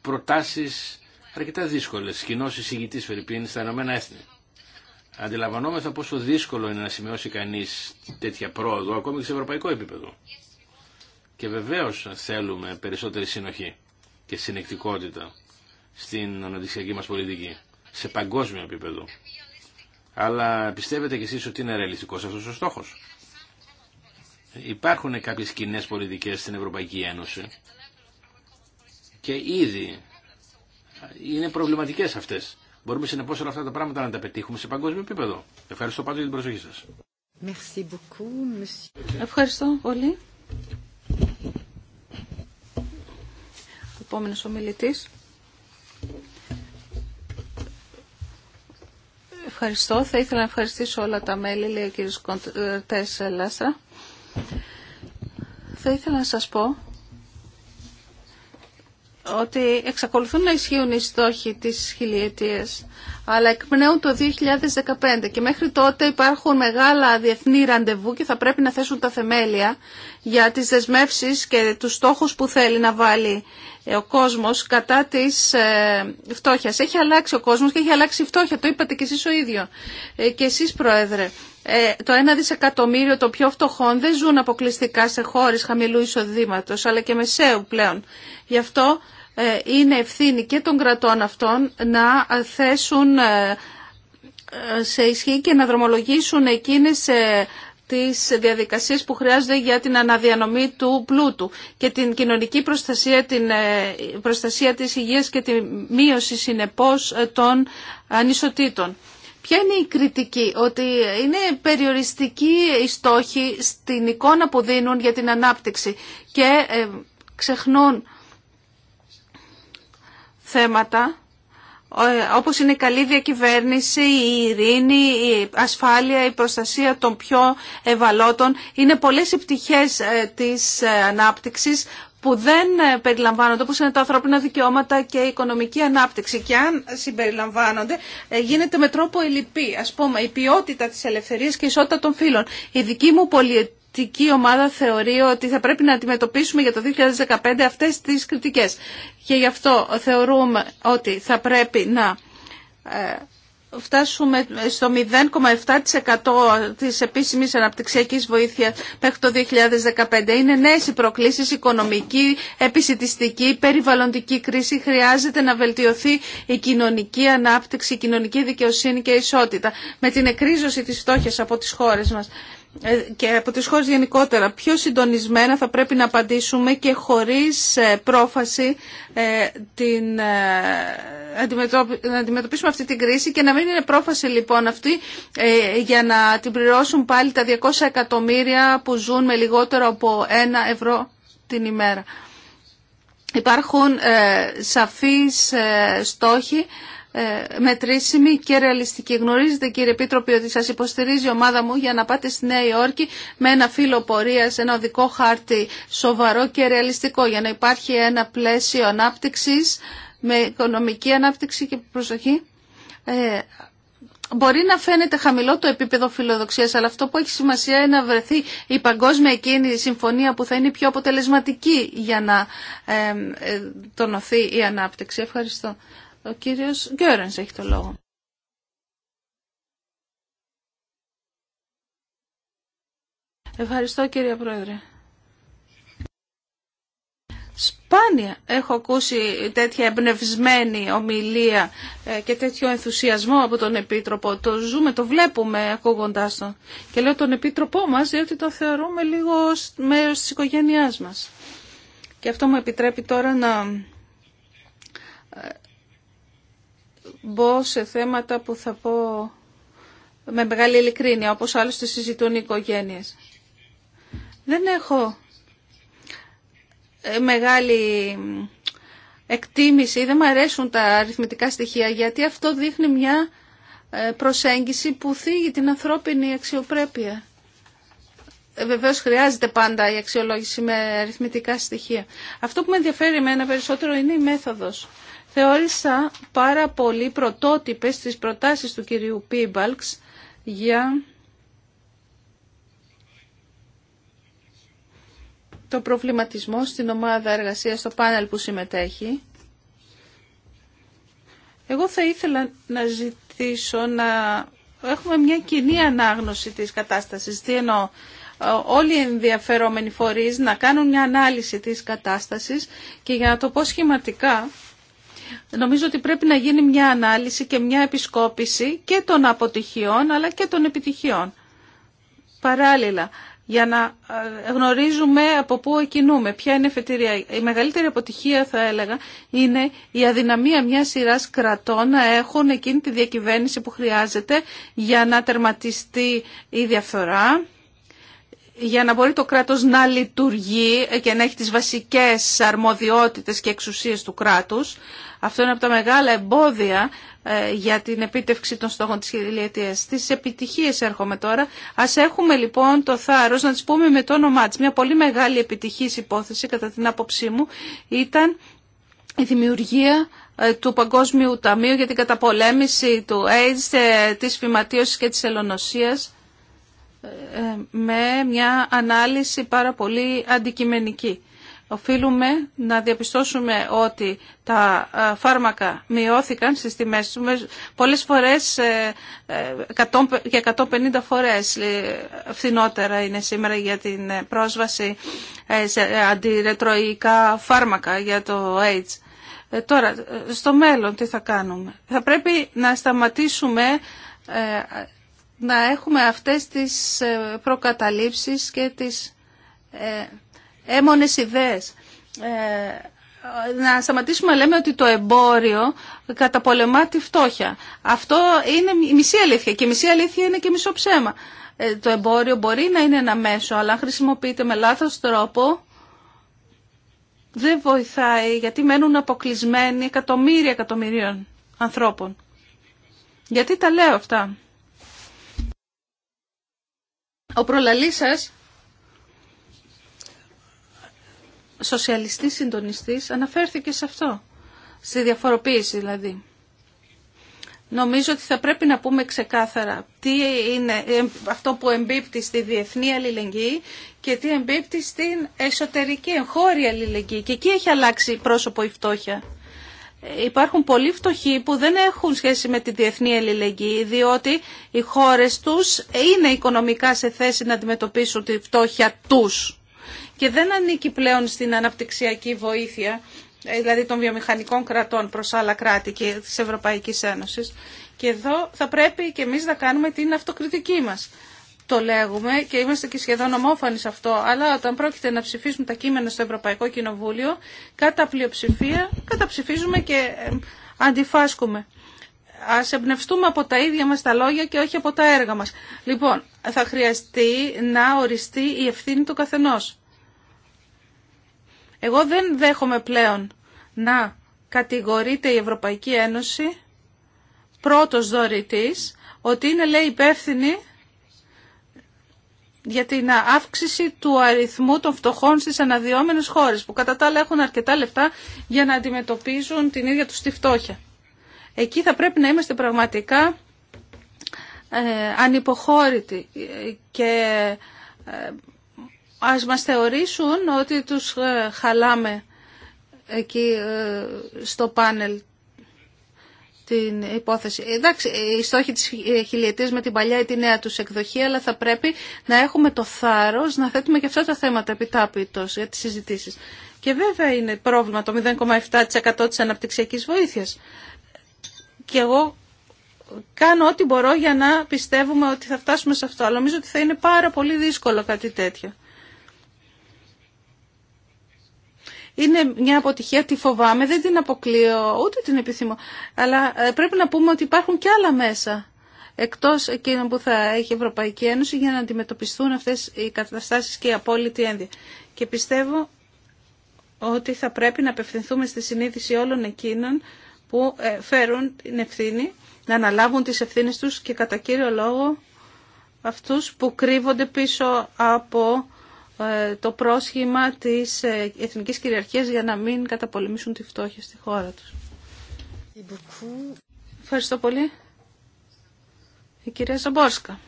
προτάσεις αρκετά δύσκολες, κοινός εισηγητής Φερρυπίν στα Ηνωμένα Έθνη. Αντιλαμβανόμεθα πόσο δύσκολο είναι να σημειώσει κανείς τέτοια πρόοδο, ακόμη και σε ευρωπαϊκό επίπεδο. Και βεβαίως θέλουμε περισσότερη συνοχή και συνεκτικότητα στην αναπτυξιακή μας πολιτική, σε παγκόσμιο επίπεδο. Αλλά πιστεύετε κι εσείς ότι είναι ρεαλιστικός αυτός ο στόχος. Υπάρχουν κάποιες κοινέ πολιτικές στην Ευρωπαϊκή Ένωση και ήδη είναι προβληματικές αυτές. Μπορούμε συνεπώς όλα αυτά τα πράγματα να τα πετύχουμε σε παγκόσμιο επίπεδο. Ευχαριστώ πάντως για την προσοχή σας. Ευχαριστώ πολύ. Επόμενος ομιλητής. Ευχαριστώ. Θα ήθελα να ευχαριστήσω όλα τα μέλη, λέει ο κύριος Κοντές ε, Λάστρα. Θα ήθελα να σας πω ότι εξακολουθούν να ισχύουν οι στόχοι της χιλιετίας, αλλά εκπνέουν το 2015 και μέχρι τότε υπάρχουν μεγάλα διεθνή ραντεβού και θα πρέπει να θέσουν τα θεμέλια για τις δεσμεύσεις και τους στόχους που θέλει να βάλει ε, ο κόσμος κατά της ε, φτώχειας. Έχει αλλάξει ο κόσμος και έχει αλλάξει η φτώχεια, το είπατε και εσείς ο ίδιο ε, και εσείς Πρόεδρε. Ε, το 1 δισεκατομμύριο των πιο φτωχών δεν ζουν αποκλειστικά σε χώρες χαμηλού εισοδήματος, αλλά και μεσαίου πλέον. Γι' αυτό ε, είναι ευθύνη και των κρατών αυτών να θέσουν ε, σε ισχύ και να δρομολογήσουν εκείνες τις διαδικασίες που χρειάζονται για την αναδιανομή του πλούτου και την κοινωνική προστασία, την προστασία της υγείας και τη μείωση συνεπώς των ανισοτήτων. Ποια είναι η κριτική, ότι είναι περιοριστική η στόχη στην εικόνα που δίνουν για την ανάπτυξη και ε, ξεχνούν θέματα ε, όπως είναι η καλή διακυβέρνηση, η ειρήνη, η ασφάλεια, η προστασία των πιο ευαλώτων. Είναι πολλές οι πτυχές ε, της ανάπτυξης που δεν ε, περιλαμβάνονται, όπως είναι τα ανθρώπινα δικαιώματα και η οικονομική ανάπτυξη. Και αν συμπεριλαμβάνονται, ε, γίνεται με τρόπο ελλειπή. Ας πούμε, η ποιότητα της ελευθερίας και η ισότητα των φύλων. Η δική μου πολιτική ομάδα θεωρεί ότι θα πρέπει να αντιμετωπίσουμε για το 2015 αυτές τις κριτικές. Και γι' αυτό θεωρούμε ότι θα πρέπει να ε, φτάσουμε στο 0,7% της επίσημης αναπτυξιακής βοήθεια μέχρι το 2015. Είναι νέες οι προκλήσεις, οικονομική, επισητιστική, περιβαλλοντική κρίση. Χρειάζεται να βελτιωθεί η κοινωνική ανάπτυξη, η κοινωνική δικαιοσύνη και η ισότητα. Με την εκρίζωση της φτώχειας από τις χώρες μας ε, και από τις χώρες γενικότερα πιο συντονισμένα θα πρέπει να απαντήσουμε και χωρίς ε, πρόφαση ε, την να αντιμετωπίσουμε αυτή την κρίση και να μην είναι πρόφαση λοιπόν αυτή ε, για να την πληρώσουν πάλι τα 200 εκατομμύρια που ζουν με λιγότερο από ένα ευρώ την ημέρα. Υπάρχουν ε, σαφείς ε, στόχοι μετρήσιμοι και ρεαλιστικοί. Γνωρίζετε κύριε Επίτροπη ότι σας υποστηρίζει η ομάδα μου για να πάτε στη Νέα Υόρκη με ένα φύλλο πορείας, ένα οδικό χάρτη σοβαρό και ρεαλιστικό για να υπάρχει ένα πλαίσιο ανάπτυξης με οικονομική ανάπτυξη και προσοχή. Ε, μπορεί να φαίνεται χαμηλό το επίπεδο φιλοδοξίας, αλλά αυτό που έχει σημασία είναι να βρεθεί η παγκόσμια εκείνη η συμφωνία που θα είναι πιο αποτελεσματική για να ε, ε, τονωθεί η ανάπτυξη. Ευχαριστώ. Ο κύριος Γκέρενς έχει το λόγο. Ευχαριστώ κύριε Πρόεδρε. Σπάνια έχω ακούσει τέτοια εμπνευσμένη ομιλία ε, και τέτοιο ενθουσιασμό από τον Επίτροπο. Το ζούμε, το βλέπουμε ακούγοντά τον. Και λέω τον Επίτροπό μας διότι το θεωρούμε λίγο μέρος της οικογένειάς μας. Και αυτό μου επιτρέπει τώρα να ε, μπω σε θέματα που θα πω με μεγάλη ειλικρίνεια, όπως άλλωστε συζητούν οι οικογένειες. Δεν έχω ε, μεγάλη εκτίμηση, δεν μου αρέσουν τα αριθμητικά στοιχεία, γιατί αυτό δείχνει μια ε, προσέγγιση που θίγει την ανθρώπινη αξιοπρέπεια. Ε, βεβαίως χρειάζεται πάντα η αξιολόγηση με αριθμητικά στοιχεία. Αυτό που με ενδιαφέρει ένα περισσότερο είναι η μέθοδος. Θεώρησα πάρα πολύ πρωτότυπες τις προτάσεις του κυρίου Πίμπαλξ για το προβληματισμό στην ομάδα εργασίας, στο πάνελ που συμμετέχει. Εγώ θα ήθελα να ζητήσω να έχουμε μια κοινή ανάγνωση της κατάστασης. Τι εννοώ, ε, όλοι οι ενδιαφερόμενοι φορείς να κάνουν μια ανάλυση της κατάστασης και για να το πω σχηματικά, νομίζω ότι πρέπει να γίνει μια ανάλυση και μια επισκόπηση και των αποτυχιών αλλά και των επιτυχιών. Παράλληλα, για να ε, γνωρίζουμε από πού κινούμε, ποια είναι η εφετηρία. Η μεγαλύτερη αποτυχία, θα έλεγα, είναι η αδυναμία μια σειρά κρατών να έχουν εκείνη τη διακυβέρνηση που κινουμε ποια ειναι η η μεγαλυτερη αποτυχια θα ελεγα ειναι η αδυναμια μια σειρα κρατων να εχουν εκεινη τη διακυβερνηση που χρειαζεται για να τερματιστεί η διαφθορά, για να μπορεί το κράτος να λειτουργεί και να έχει τις βασικές αρμοδιότητες και εξουσίες του κράτους. Αυτό είναι από τα μεγάλα εμπόδια ε, για την επίτευξη των στόχων της χιλιετίας. Στις επιτυχίες έρχομαι τώρα. Ας έχουμε λοιπόν το θάρρος να τις πούμε με το όνομά της. Μια πολύ μεγάλη επιτυχής υπόθεση κατά την άποψή μου ήταν η δημιουργία ε, του Παγκόσμιου Ταμείου για την καταπολέμηση του AIDS, ε, της φυματίωσης και της ελονοσίας με μια ανάλυση πάρα πολύ αντικειμενική οφείλουμε να διαπιστώσουμε ότι τα ε, φάρμακα μειώθηκαν στις τιμές του πολλές φορές ε, ε, και 150 φορές φθηνότερα είναι σήμερα για την πρόσβαση σε αντιρετροϊκά φάρμακα για το AIDS. Τώρα, στο μέλλον τι θα κάνουμε. Θα πρέπει να σταματήσουμε να έχουμε αυτές τις προκαταλήψεις και τις έμονες ιδέες. Ε, να σταματήσουμε λέμε ότι το εμπόριο καταπολεμά τη φτώχεια. Αυτό είναι η μισή αλήθεια και η μισή αλήθεια είναι και μισό ψέμα. Ε, το εμπόριο μπορεί να είναι ένα μέσο, αλλά αν χρησιμοποιείται με λάθος τρόπο δεν βοηθάει, γιατί μένουν αποκλεισμένοι εκατομμύρια εκατομμυρίων ανθρώπων. Γιατί τα λέω αυτά. Ο προλαλής σας σοσιαλιστής συντονιστής αναφέρθηκε σε αυτό, στη διαφοροποίηση δηλαδή. Νομίζω ότι θα πρέπει να πούμε ξεκάθαρα τι είναι ε, αυτό που εμπίπτει στη διεθνή αλληλεγγύη και τι εμπίπτει στην εσωτερική εγχώρια αλληλεγγύη. Και εκεί έχει αλλάξει πρόσωπο η φτώχεια. Υπάρχουν πολλοί φτωχοί που δεν έχουν σχέση με τη διεθνή αλληλεγγύη, διότι οι χώρες τους είναι οικονομικά σε θέση να αντιμετωπίσουν τη φτώχεια τους και δεν ανήκει πλέον στην αναπτυξιακή βοήθεια, ε, δηλαδή των βιομηχανικών κρατών προς άλλα κράτη και της Ευρωπαϊκής Ένωσης. Και εδώ θα πρέπει και εμείς να κάνουμε την αυτοκριτική μας. Το λέγουμε και είμαστε και σχεδόν ομόφανοι σε αυτό, αλλά όταν πρόκειται να ψηφίσουμε τα κείμενα στο Ευρωπαϊκό Κοινοβούλιο, κατά πλειοψηφία καταψηφίζουμε και αντιφάσκουμε. Ας εμπνευστούμε από τα ίδια μας τα λόγια και όχι από τα έργα μας. Λοιπόν, θα χρειαστεί να οριστεί η ευθύνη του καθενός. Εγώ δεν δέχομαι πλέον να κατηγορείται η Ευρωπαϊκή Ένωση πρώτος δωρητής ότι είναι λέει υπεύθυνη για την αύξηση του αριθμού των φτωχών στις αναδυόμενες χώρες που κατά τα άλλα έχουν αρκετά λεφτά για να αντιμετωπίζουν την ίδια τους τη φτώχεια. Εκεί θα πρέπει να είμαστε πραγματικά ε, ανυποχώρητοι και ε, ας μας θεωρήσουν ότι τους ε, χαλάμε εκεί ε, στο πάνελ την υπόθεση. Εντάξει, οι στόχοι της χιλιετής με την παλιά ή τη νέα τους εκδοχή, αλλά θα πρέπει να έχουμε το θάρρος να θέτουμε και αυτά τα θέματα επιτάπητος για τις συζητήσεις. Και βέβαια είναι πρόβλημα το 0,7% της αναπτυξιακής βοήθειας. Και εγώ κάνω ό,τι μπορώ για να πιστεύουμε ότι θα φτάσουμε σε αυτό. Αλλά νομίζω ότι θα είναι πάρα πολύ δύσκολο κάτι τέτοιο. Είναι μια αποτυχία, τη φοβάμαι, δεν την αποκλείω, ούτε την επιθυμώ. Αλλά ε, πρέπει να πούμε ότι υπάρχουν και άλλα μέσα εκτός εκείνων που θα έχει η Ευρωπαϊκή Ένωση για να αντιμετωπιστούν αυτές οι καταστάσεις και η απόλυτη ένδυα. Και πιστεύω ότι θα πρέπει να απευθυνθούμε στη συνείδηση όλων εκείνων που ε, φέρουν την ευθύνη, να αναλάβουν τις ευθύνες τους και κατά κύριο λόγο αυτούς που κρύβονται πίσω από ε, το πρόσχημα της ε, εθνικής κυριαρχίας για να μην καταπολεμήσουν τη φτώχεια στη χώρα τους. Ευχαριστώ πολύ. Η κυρία Ζαμπόρσκα.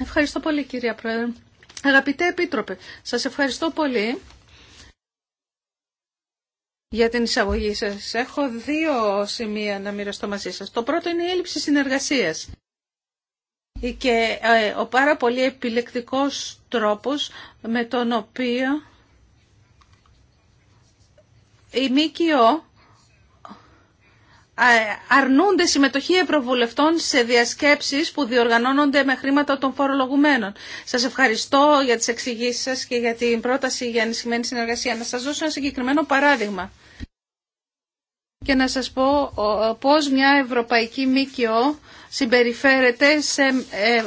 Ευχαριστώ πολύ κυρία Πρόεδρε. Αγαπητέ Επίτροπε, σας ευχαριστώ πολύ για την εισαγωγή σας. Έχω δύο σημεία να μοιραστώ μαζί σας. Το πρώτο είναι η έλλειψη συνεργασίας και ε, ο πάρα πολύ επιλεκτικός τρόπος με τον οποίο η ΜΚΟ ε, αρνούνται συμμετοχή ευρωβουλευτών σε διασκέψεις που διοργανώνονται με χρήματα των φορολογουμένων. Σας ευχαριστώ για τις εξηγήσεις σας και για την πρόταση για ενισχυμένη συνεργασία. Να σας δώσω ένα συγκεκριμένο παράδειγμα και να σας πω πώς μια ευρωπαϊκή ΜΚΟ συμπεριφέρεται σε ε,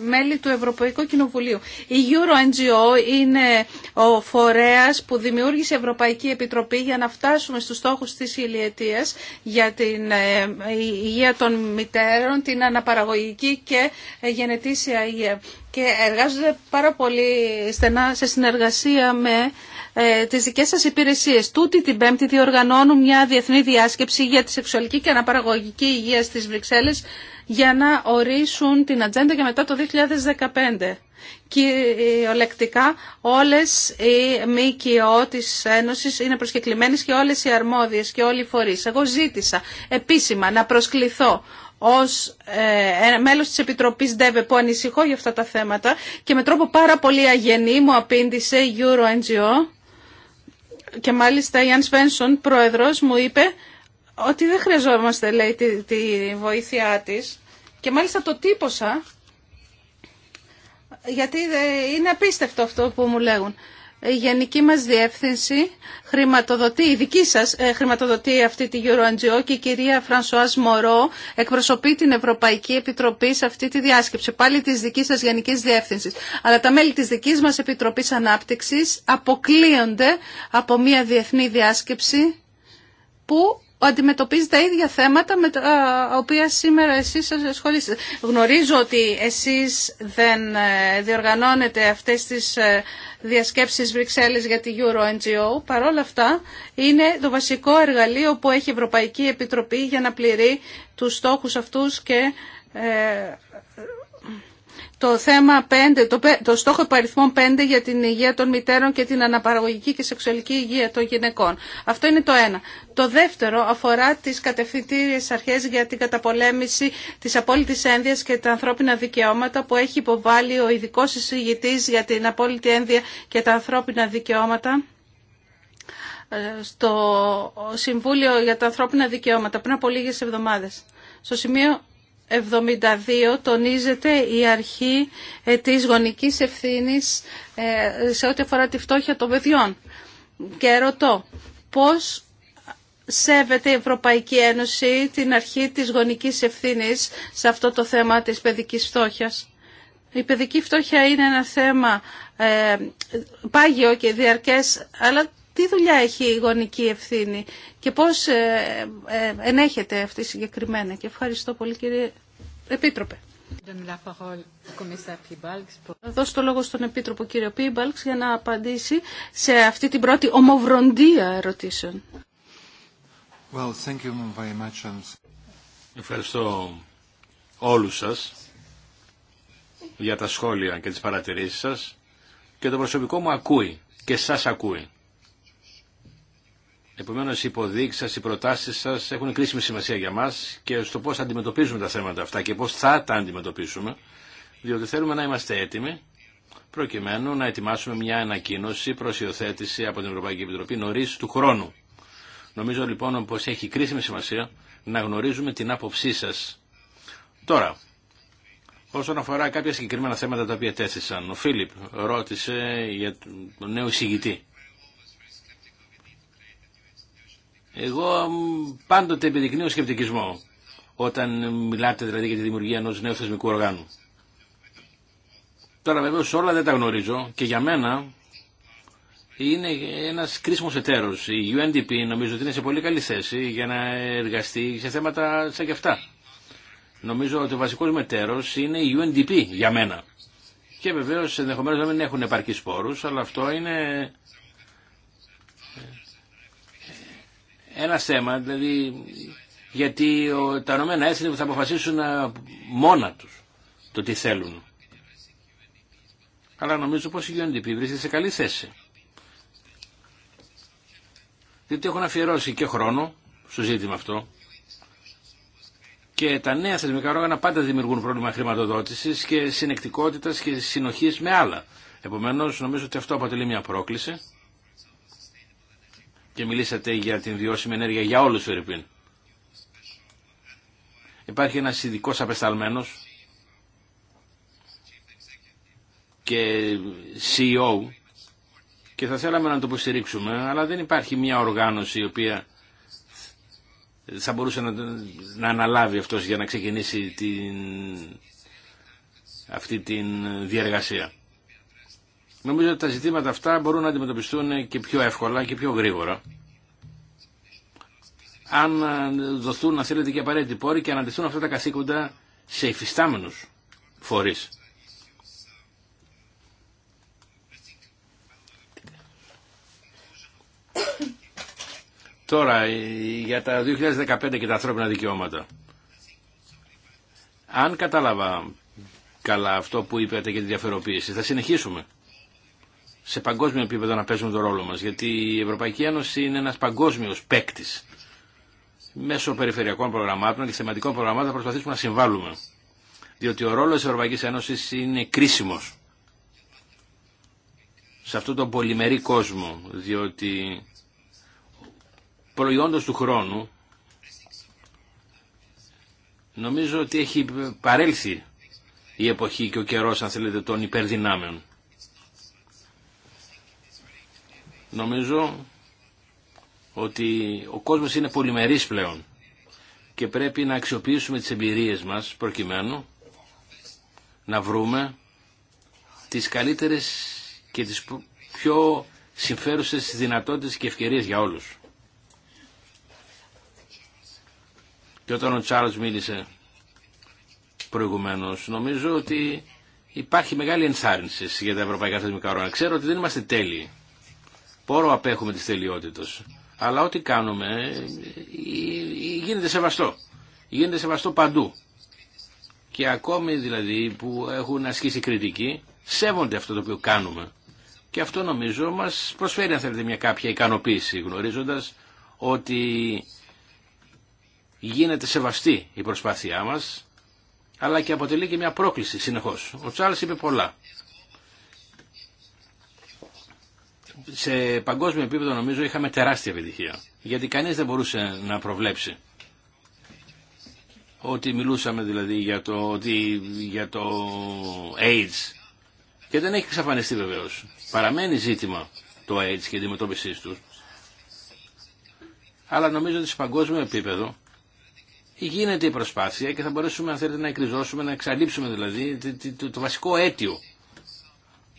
μέλη του Ευρωπαϊκού Κοινοβουλίου. Η Euro NGO είναι ο φορέας που δημιούργησε η Ευρωπαϊκή Επιτροπή για να φτάσουμε στους στόχους της ηλιετίας για την ε, υγεία των μητέρων, την αναπαραγωγική και ε, γενετήσια υγεία. Και εργάζονται πάρα πολύ στενά σε συνεργασία με ε, τις δικές σας υπηρεσίες. Τούτη την Πέμπτη διοργανώνουν μια διεθνή διάσκεψη για τη σεξουαλική και αναπαραγωγική υγεία στις Βρυξέλλες για να ορίσουν την ατζέντα για μετά το 2015. Κυριολεκτικά όλες οι ΜΚΟ της Ένωσης είναι προσκεκλημένες και όλες οι αρμόδιες και όλοι οι φορείς. Εγώ ζήτησα επίσημα να προσκληθώ ως ε, ε μέλος της Επιτροπής ΔΕΒΕ που ανησυχώ για αυτά τα θέματα και με τρόπο πάρα πολύ αγενή μου απήντησε η Euro NGO και μάλιστα η Άν Σβένσον, πρόεδρος, μου είπε ότι δεν χρειαζόμαστε, λέει, τη, βοήθειά της και μάλιστα το τύπωσα γιατί είναι απίστευτο αυτό που μου λέγουν. Η γενική μας διεύθυνση χρηματοδοτεί, η δική σας ε, χρηματοδοτεί αυτή τη Euro-NGO και η κυρία Φρανσουάς Μωρό εκπροσωπεί την Ευρωπαϊκή Επιτροπή σε αυτή τη διάσκεψη, πάλι της δικής σας γενικής διεύθυνσης. Αλλά τα μέλη της δικής μας Επιτροπής Ανάπτυξης αποκλείονται από μια διεθνή διάσκεψη που αντιμετωπίζει τα ίδια θέματα με τα οποία σήμερα εσείς σας ασχολείστε. Γνωρίζω ότι εσείς δεν ε, διοργανώνετε αυτές τις ε, διασκέψεις Βρυξέλλες για τη Euro NGO. Παρόλα αυτά είναι το βασικό εργαλείο που έχει η Ευρωπαϊκή Επιτροπή για να πληρεί τους στόχους αυτούς και ε, το θέμα 5, το, το στόχο υπαριθμών 5 για την υγεία των μητέρων και την αναπαραγωγική και σεξουαλική υγεία των γυναικών. Αυτό είναι το ένα. Το δεύτερο αφορά τις κατευθυντήριες αρχές για την καταπολέμηση της απόλυτης ένδυας και τα ανθρώπινα δικαιώματα που έχει υποβάλει ο ειδικό εισηγητής για την απόλυτη ένδυα και τα ανθρώπινα δικαιώματα ε, στο Συμβούλιο για τα ανθρώπινα δικαιώματα πριν από λίγες εβδομάδες. Στο σημείο 72 τονίζεται η αρχή ε, της γονικής ευθύνης ε, σε ό,τι αφορά τη φτώχεια των παιδιών. Και ρωτώ, πώς σέβεται η Ευρωπαϊκή Ένωση την αρχή της γονικής ευθύνης σε αυτό το θέμα της παιδικής φτώχειας. Η παιδική φτώχεια είναι ένα θέμα ε, πάγιο και διαρκές, αλλά τι δουλειά έχει η γονική ευθύνη και πώς ε, ε, ενέχεται αυτή συγκεκριμένα. Και ευχαριστώ πολύ κύριε Επίτροπε. Θα δώσω το λόγο στον Επίτροπο κύριο Πίμπαλξ για να απαντήσει σε αυτή την πρώτη ομοβροντία ερωτήσεων. Well, thank you very much. Ευχαριστώ όλους σας για τα σχόλια και τις παρατηρήσεις σας και το προσωπικό μου ακούει και σας ακούει. Επομένω, οι υποδείξει σα, οι προτάσει σα έχουν κρίσιμη σημασία για μα και στο πώ αντιμετωπίζουμε τα θέματα αυτά και πώ θα τα αντιμετωπίσουμε, διότι θέλουμε να είμαστε έτοιμοι προκειμένου να ετοιμάσουμε μια ανακοίνωση προ υιοθέτηση από την Ευρωπαϊκή Επιτροπή νωρί του χρόνου. Νομίζω λοιπόν πω έχει κρίσιμη σημασία να γνωρίζουμε την άποψή σα. Τώρα, όσον αφορά κάποια συγκεκριμένα θέματα τα οποία τέθησαν, ο Φίλιπ ρώτησε για τον νέο εισηγητή. Εγώ πάντοτε επιδεικνύω σκεπτικισμό όταν μιλάτε δηλαδή για τη δημιουργία ενός νέου θεσμικού οργάνου. Τώρα βεβαίως όλα δεν τα γνωρίζω και για μένα είναι ένας κρίσιμος εταίρος. Η UNDP νομίζω ότι είναι σε πολύ καλή θέση για να εργαστεί σε θέματα σαν και αυτά. Νομίζω ότι ο βασικός μετέρος είναι η UNDP για μένα. Και βεβαίως ενδεχομένως να μην έχουν επαρκείς πόρους, αλλά αυτό είναι ένα θέμα, δηλαδή γιατί τα Ηνωμένα Έθνη θα αποφασίσουν μόνα τους το τι θέλουν. Αλλά νομίζω πως η UNDP βρίσκεται σε καλή θέση. Διότι έχουν αφιερώσει και χρόνο στο ζήτημα αυτό και τα νέα θεσμικά όργανα πάντα δημιουργούν πρόβλημα χρηματοδότησης και συνεκτικότητας και συνοχής με άλλα. Επομένως νομίζω ότι αυτό αποτελεί μια πρόκληση και μιλήσατε για την βιώσιμη ενέργεια για όλους του Υπάρχει ένας ειδικό απεσταλμένος και CEO και θα θέλαμε να το υποστηρίξουμε, αλλά δεν υπάρχει μια οργάνωση η οποία θα μπορούσε να, αναλάβει αυτός για να ξεκινήσει την, αυτή την διεργασία. Νομίζω ότι τα ζητήματα αυτά μπορούν να αντιμετωπιστούν και πιο εύκολα και πιο γρήγορα. Αν δοθούν, να θέλετε, και απαραίτητοι πόροι και αναντηθούν αυτά τα καθήκοντα σε υφιστάμενου φορεί. Τώρα, για τα 2015 και τα ανθρώπινα δικαιώματα. Αν κατάλαβα καλά αυτό που είπατε για τη διαφοροποίηση, θα συνεχίσουμε σε παγκόσμιο επίπεδο να παίζουν τον ρόλο μας, γιατί η Ευρωπαϊκή Ένωση είναι ένας παγκόσμιος παίκτη. Μέσω περιφερειακών προγραμμάτων και θεματικών προγραμμάτων θα προσπαθήσουμε να συμβάλλουμε. Διότι ο ρόλος της Ευρωπαϊκής Ένωσης είναι κρίσιμος σε αυτόν τον πολυμερή κόσμο, διότι προϊόντος του χρόνου νομίζω ότι έχει παρέλθει η εποχή και ο καιρός, αν θέλετε, των υπερδυνάμεων. Νομίζω ότι ο κόσμος είναι πολυμερής πλέον και πρέπει να αξιοποιήσουμε τις εμπειρίες μας προκειμένου να βρούμε τις καλύτερες και τις πιο συμφέρουσες δυνατότητες και ευκαιρίες για όλους. Και όταν ο Τσάρλς μίλησε προηγουμένως, νομίζω ότι υπάρχει μεγάλη ενθάρρυνση για τα ευρωπαϊκά θεσμικά όργανα. Ξέρω ότι δεν είμαστε τέλειοι Πόρο απέχουμε τη τελειότητα, Αλλά ό,τι κάνουμε ε, ε, γίνεται σεβαστό. Γίνεται σεβαστό παντού. Και ακόμη δηλαδή που έχουν ασκήσει κριτική, σέβονται αυτό το οποίο κάνουμε. Και αυτό νομίζω μας προσφέρει αν θέλετε μια κάποια ικανοποίηση γνωρίζοντας ότι γίνεται σεβαστή η προσπάθειά μας αλλά και αποτελεί και μια πρόκληση συνεχώς. Ο Τσάλς είπε πολλά σε παγκόσμιο επίπεδο νομίζω είχαμε τεράστια επιτυχία. Γιατί κανείς δεν μπορούσε να προβλέψει ότι μιλούσαμε δηλαδή για το, ότι, για το AIDS και δεν έχει εξαφανιστεί βεβαίως. Παραμένει ζήτημα το AIDS και η αντιμετώπιση του. Αλλά νομίζω ότι σε παγκόσμιο επίπεδο γίνεται η προσπάθεια και θα μπορέσουμε αν θέλετε να εκριζώσουμε, να εξαλείψουμε δηλαδή το, το βασικό αίτιο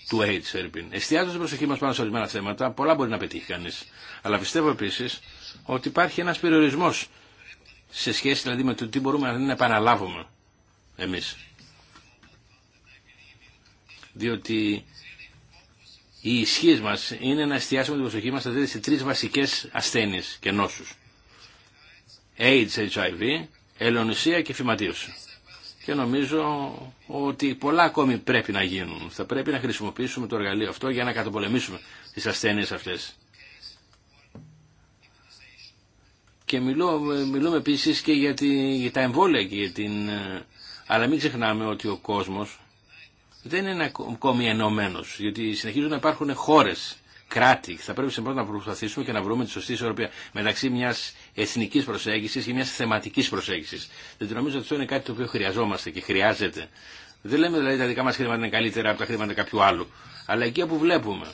του AIDS, Ερπίν. Εστιάζοντα την προσοχή μα πάνω σε ορισμένα θέματα, πολλά μπορεί να πετύχει κανεί. Αλλά πιστεύω επίση ότι υπάρχει ένα περιορισμό σε σχέση δηλαδή με το τι μπορούμε να επαναλάβουμε εμεί. Διότι η ισχύ μα είναι να εστιάσουμε την προσοχή μα δηλαδή σε τρει βασικέ ασθένειε και νόσου. AIDS, HIV, ελαιονισία και φυματίωση και νομίζω ότι πολλά ακόμη πρέπει να γίνουν. Θα πρέπει να χρησιμοποιήσουμε το εργαλείο αυτό για να καταπολεμήσουμε τις ασθένειες αυτές. Και μιλώ, μιλούμε επίσης και για, τη, για τα εμβόλια και για την... Ε, αλλά μην ξεχνάμε ότι ο κόσμος δεν είναι ακόμη ενωμένο, γιατί συνεχίζουν να υπάρχουν χώρες κράτη. Θα πρέπει πρώτα να προσπαθήσουμε και να βρούμε τη σωστή ισορροπία μεταξύ μια εθνική προσέγγιση και μια θεματική προσέγγιση. Δεν νομίζω ότι αυτό είναι κάτι το οποίο χρειαζόμαστε και χρειάζεται. Δεν λέμε δηλαδή τα δικά μα χρήματα είναι καλύτερα από τα χρήματα κάποιου άλλου. Αλλά εκεί όπου βλέπουμε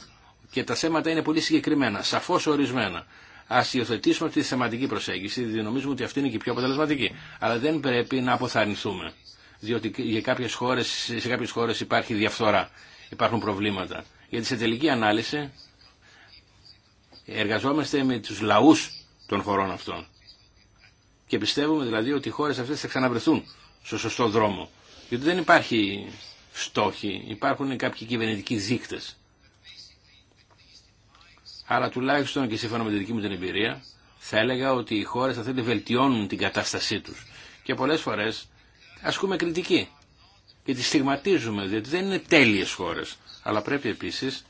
και τα θέματα είναι πολύ συγκεκριμένα, σαφώ ορισμένα. Α υιοθετήσουμε αυτή τη θεματική προσέγγιση, διότι νομίζουμε ότι αυτή είναι και η πιο αποτελεσματική. Αλλά δεν πρέπει να αποθαρρυνθούμε. Διότι για κάποιες χώρες, σε κάποιε χώρε υπάρχει διαφθορά, υπάρχουν προβλήματα. Γιατί σε τελική ανάλυση Εργαζόμαστε με τους λαούς των χωρών αυτών. Και πιστεύουμε δηλαδή ότι οι χώρες αυτές θα ξαναβρεθούν στο σωστό δρόμο. Γιατί δεν υπάρχει στόχη υπάρχουν κάποιοι κυβερνητικοί δείκτες. Άρα τουλάχιστον και σύμφωνα με τη δική μου την εμπειρία θα έλεγα ότι οι χώρες αυτές βελτιώνουν την κατάστασή τους. Και πολλές φορές ασκούμε κριτική και τις στιγματίζουμε, διότι δεν είναι τέλειες χώρες. Αλλά πρέπει επίσης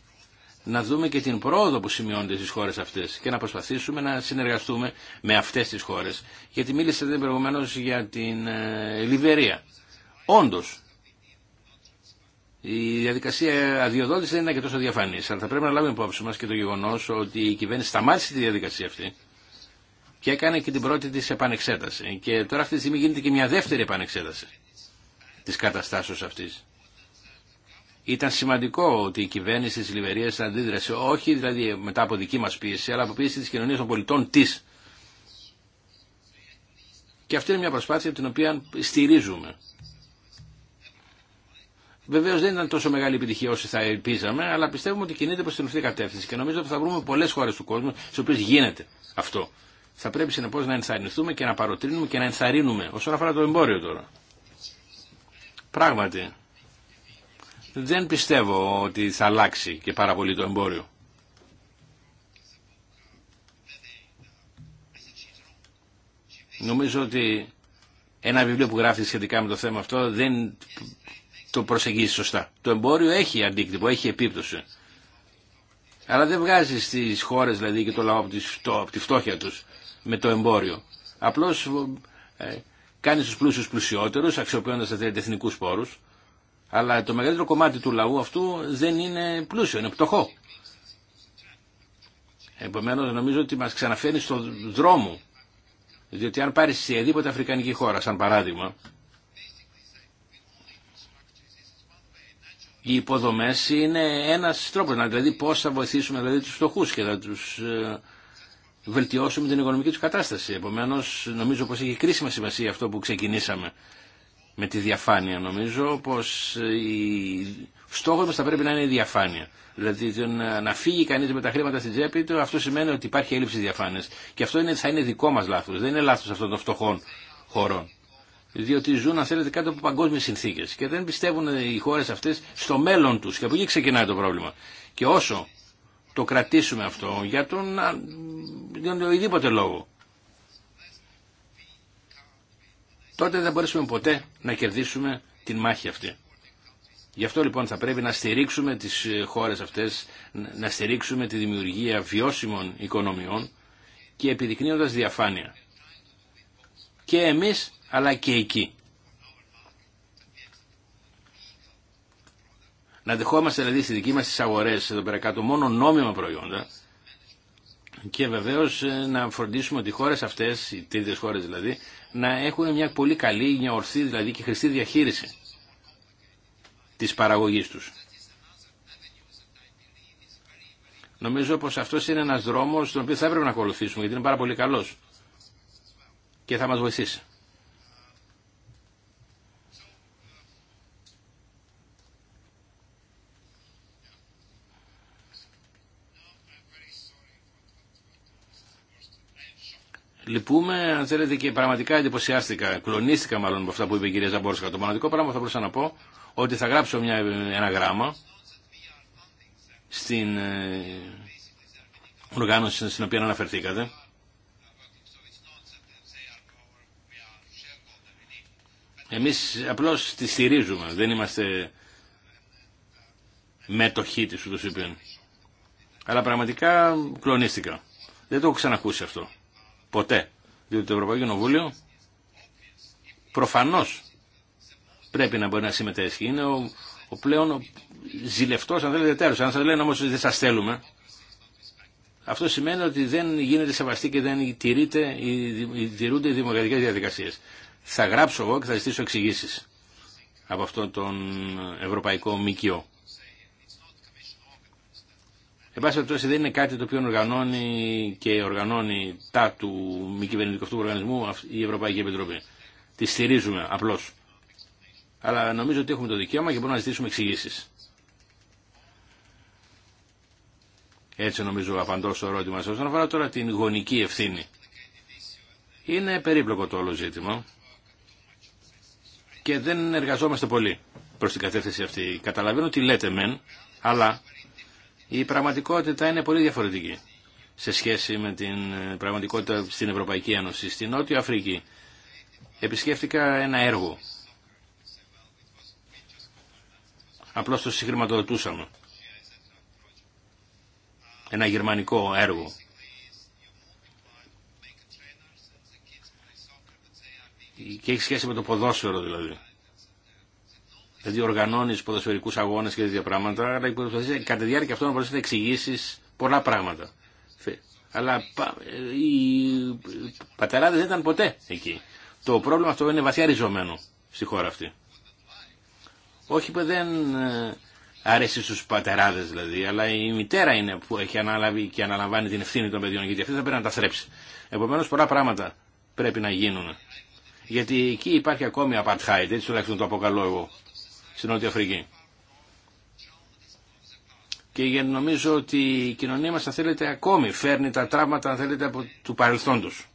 να δούμε και την πρόοδο που σημειώνεται στις χώρες αυτές και να προσπαθήσουμε να συνεργαστούμε με αυτές τις χώρες. Γιατί μίλησατε προηγουμένω για την ε, Λιβερία. Όντως, η διαδικασία αδειοδότησης δεν είναι και τόσο διαφανής. αλλά θα πρέπει να λάβουμε υπόψη μας και το γεγονός ότι η κυβέρνηση σταμάτησε τη διαδικασία αυτή και έκανε και την πρώτη της επανεξέταση. Και τώρα αυτή τη στιγμή γίνεται και μια δεύτερη επανεξέταση της καταστάσεως αυτής ήταν σημαντικό ότι η κυβέρνηση της Λιβερίας αντίδρασε όχι δηλαδή μετά από δική μα πίεση αλλά από πίεση τη κοινωνία των πολιτών τη. Και αυτή είναι μια προσπάθεια την οποία στηρίζουμε. Βεβαίω δεν ήταν τόσο μεγάλη επιτυχία όσοι θα ελπίζαμε, αλλά πιστεύουμε ότι κινείται προ την ορθή κατεύθυνση και νομίζω ότι θα βρούμε πολλέ χώρε του κόσμου στι οποίε γίνεται αυτό. Θα πρέπει συνεπώ να ενθαρρυνθούμε και να παροτρύνουμε και να ενθαρρύνουμε όσον αφορά το εμπόριο τώρα. Πράγματι, δεν πιστεύω ότι θα αλλάξει και πάρα πολύ το εμπόριο. Νομίζω ότι ένα βιβλίο που γράφει σχετικά με το θέμα αυτό δεν το προσεγγίζει σωστά. Το εμπόριο έχει αντίκτυπο, έχει επίπτωση. Αλλά δεν βγάζει στις χώρες δηλαδή και το λαό από τη φτώχεια τους με το εμπόριο. Απλώς ε, κάνει του πλούσιους πλουσιότερους αξιοποιώντα τα εθνικούς πόρους αλλά το μεγαλύτερο κομμάτι του λαού αυτού δεν είναι πλούσιο, είναι πτωχό. Επομένως νομίζω ότι μας ξαναφέρνει στον δρόμο. Διότι αν πάρεις σε οδήποτε αφρικανική χώρα, σαν παράδειγμα, οι υποδομές είναι ένας τρόπος, δηλαδή πώς θα βοηθήσουμε δηλαδή, τους φτωχούς και θα τους ε, βελτιώσουμε την οικονομική τους κατάσταση. Επομένως νομίζω πως έχει κρίσιμα σημασία αυτό που ξεκινήσαμε με τη διαφάνεια νομίζω πως η... στόχος μας θα πρέπει να είναι η διαφάνεια. Δηλαδή να φύγει κανείς με τα χρήματα στην τσέπη του αυτό σημαίνει ότι υπάρχει έλλειψη διαφάνειας. Και αυτό είναι, θα είναι δικό μας λάθος, δεν είναι λάθος αυτών των φτωχών χωρών. Διότι ζουν, αν θέλετε, κάτω από παγκόσμιε συνθήκε και δεν πιστεύουν οι χώρε αυτέ στο μέλλον του. Και από εκεί ξεκινάει το πρόβλημα. Και όσο το κρατήσουμε αυτό για τον, για τον λόγο, τότε δεν μπορέσουμε ποτέ να κερδίσουμε την μάχη αυτή. Γι' αυτό λοιπόν θα πρέπει να στηρίξουμε τις ε, χώρες αυτές, να στηρίξουμε τη δημιουργία βιώσιμων οικονομιών και επιδεικνύοντας διαφάνεια. Και εμείς αλλά και εκεί. Να δεχόμαστε δηλαδή στη δική μας τις αγορές εδώ πέρα κάτω μόνο νόμιμα προϊόντα και βεβαίω ε, να φροντίσουμε ότι οι χώρες αυτές, οι τρίτε χώρες δηλαδή, να έχουν μια πολύ καλή, μια ορθή δηλαδή και χρηστή διαχείριση της παραγωγή του. Νομίζω πω αυτό είναι ένας δρόμος τον οποίο θα έπρεπε να ακολουθήσουμε γιατί είναι πάρα πολύ καλός και θα μας βοηθήσει. Λυπούμε, αν θέλετε, και πραγματικά εντυπωσιάστηκα, κλονίστηκα μάλλον από αυτά που είπε η κυρία Ζαμπόρσκα. Το μοναδικό πράγμα θα μπορούσα να πω, ότι θα γράψω μια, ένα γράμμα στην ε, οργάνωση στην οποία αναφερθήκατε. Εμείς απλώς τη στηρίζουμε, δεν είμαστε μέτοχοι της ούτως είπεν. Αλλά πραγματικά κλονίστηκα. Δεν το έχω ξανακούσει αυτό. Ποτέ. Διότι το Ευρωπαϊκό Κοινοβούλιο προφανώς πρέπει να μπορεί να συμμετέχει. Είναι ο, ο πλέον ζηλευτός, αν θέλετε, τέλος. Αν σας λένε όμως δεν σας θέλουμε, αυτό σημαίνει ότι δεν γίνεται σεβαστή και δεν τηρείται, τηρούνται οι δημοκρατικές διαδικασίες. Θα γράψω εγώ και θα ζητήσω εξηγήσει από αυτόν τον Ευρωπαϊκό Μίκιο. Εν πάση περιπτώσει δεν είναι κάτι το οποίο οργανώνει και οργανώνει τα του μη κυβερνητικού οργανισμού η Ευρωπαϊκή Επιτροπή. Τη στηρίζουμε απλώ. Αλλά νομίζω ότι έχουμε το δικαίωμα και μπορούμε να ζητήσουμε εξηγήσει. Έτσι νομίζω απαντώ στο ερώτημα σα. Όσον αφορά τώρα την γονική ευθύνη. Είναι περίπλοκο το όλο ζήτημα και δεν εργαζόμαστε πολύ προ την κατεύθυνση αυτή. Καταλαβαίνω τι λέτε μεν, αλλά η πραγματικότητα είναι πολύ διαφορετική σε σχέση με την ε, πραγματικότητα στην Ευρωπαϊκή Ένωση. Στην Νότια Αφρική επισκέφτηκα ένα έργο. Απλώς το συγχρηματοδοτούσαμε. Ένα γερμανικό έργο. Και έχει σχέση με το ποδόσφαιρο δηλαδή. Δηλαδή οργανώνει ποδοσφαιρικού αγώνε και τέτοια πράγματα, αλλά κατά τη διάρκεια αυτών να μπορέσει να εξηγήσει πολλά πράγματα. Αλλά ε, οι πατεράδε δεν ήταν ποτέ εκεί. Το πρόβλημα αυτό είναι βαθιά ριζωμένο στη χώρα αυτή. Όχι που δεν ε, αρέσει στους πατεράδες δηλαδή, αλλά η μητέρα είναι που έχει αναλάβει και αναλαμβάνει την ευθύνη των παιδιών, γιατί αυτή θα πρέπει να τα θρέψει. Επομένως πολλά πράγματα πρέπει να γίνουν. Γιατί εκεί υπάρχει ακόμη apartheid, έτσι τουλάχιστον το αποκαλώ εγώ στην Νότια Αφρική. Και νομίζω ότι η κοινωνία μας, αν θέλετε, ακόμη φέρνει τα τραύματα, αν θέλετε, από του παρελθόντος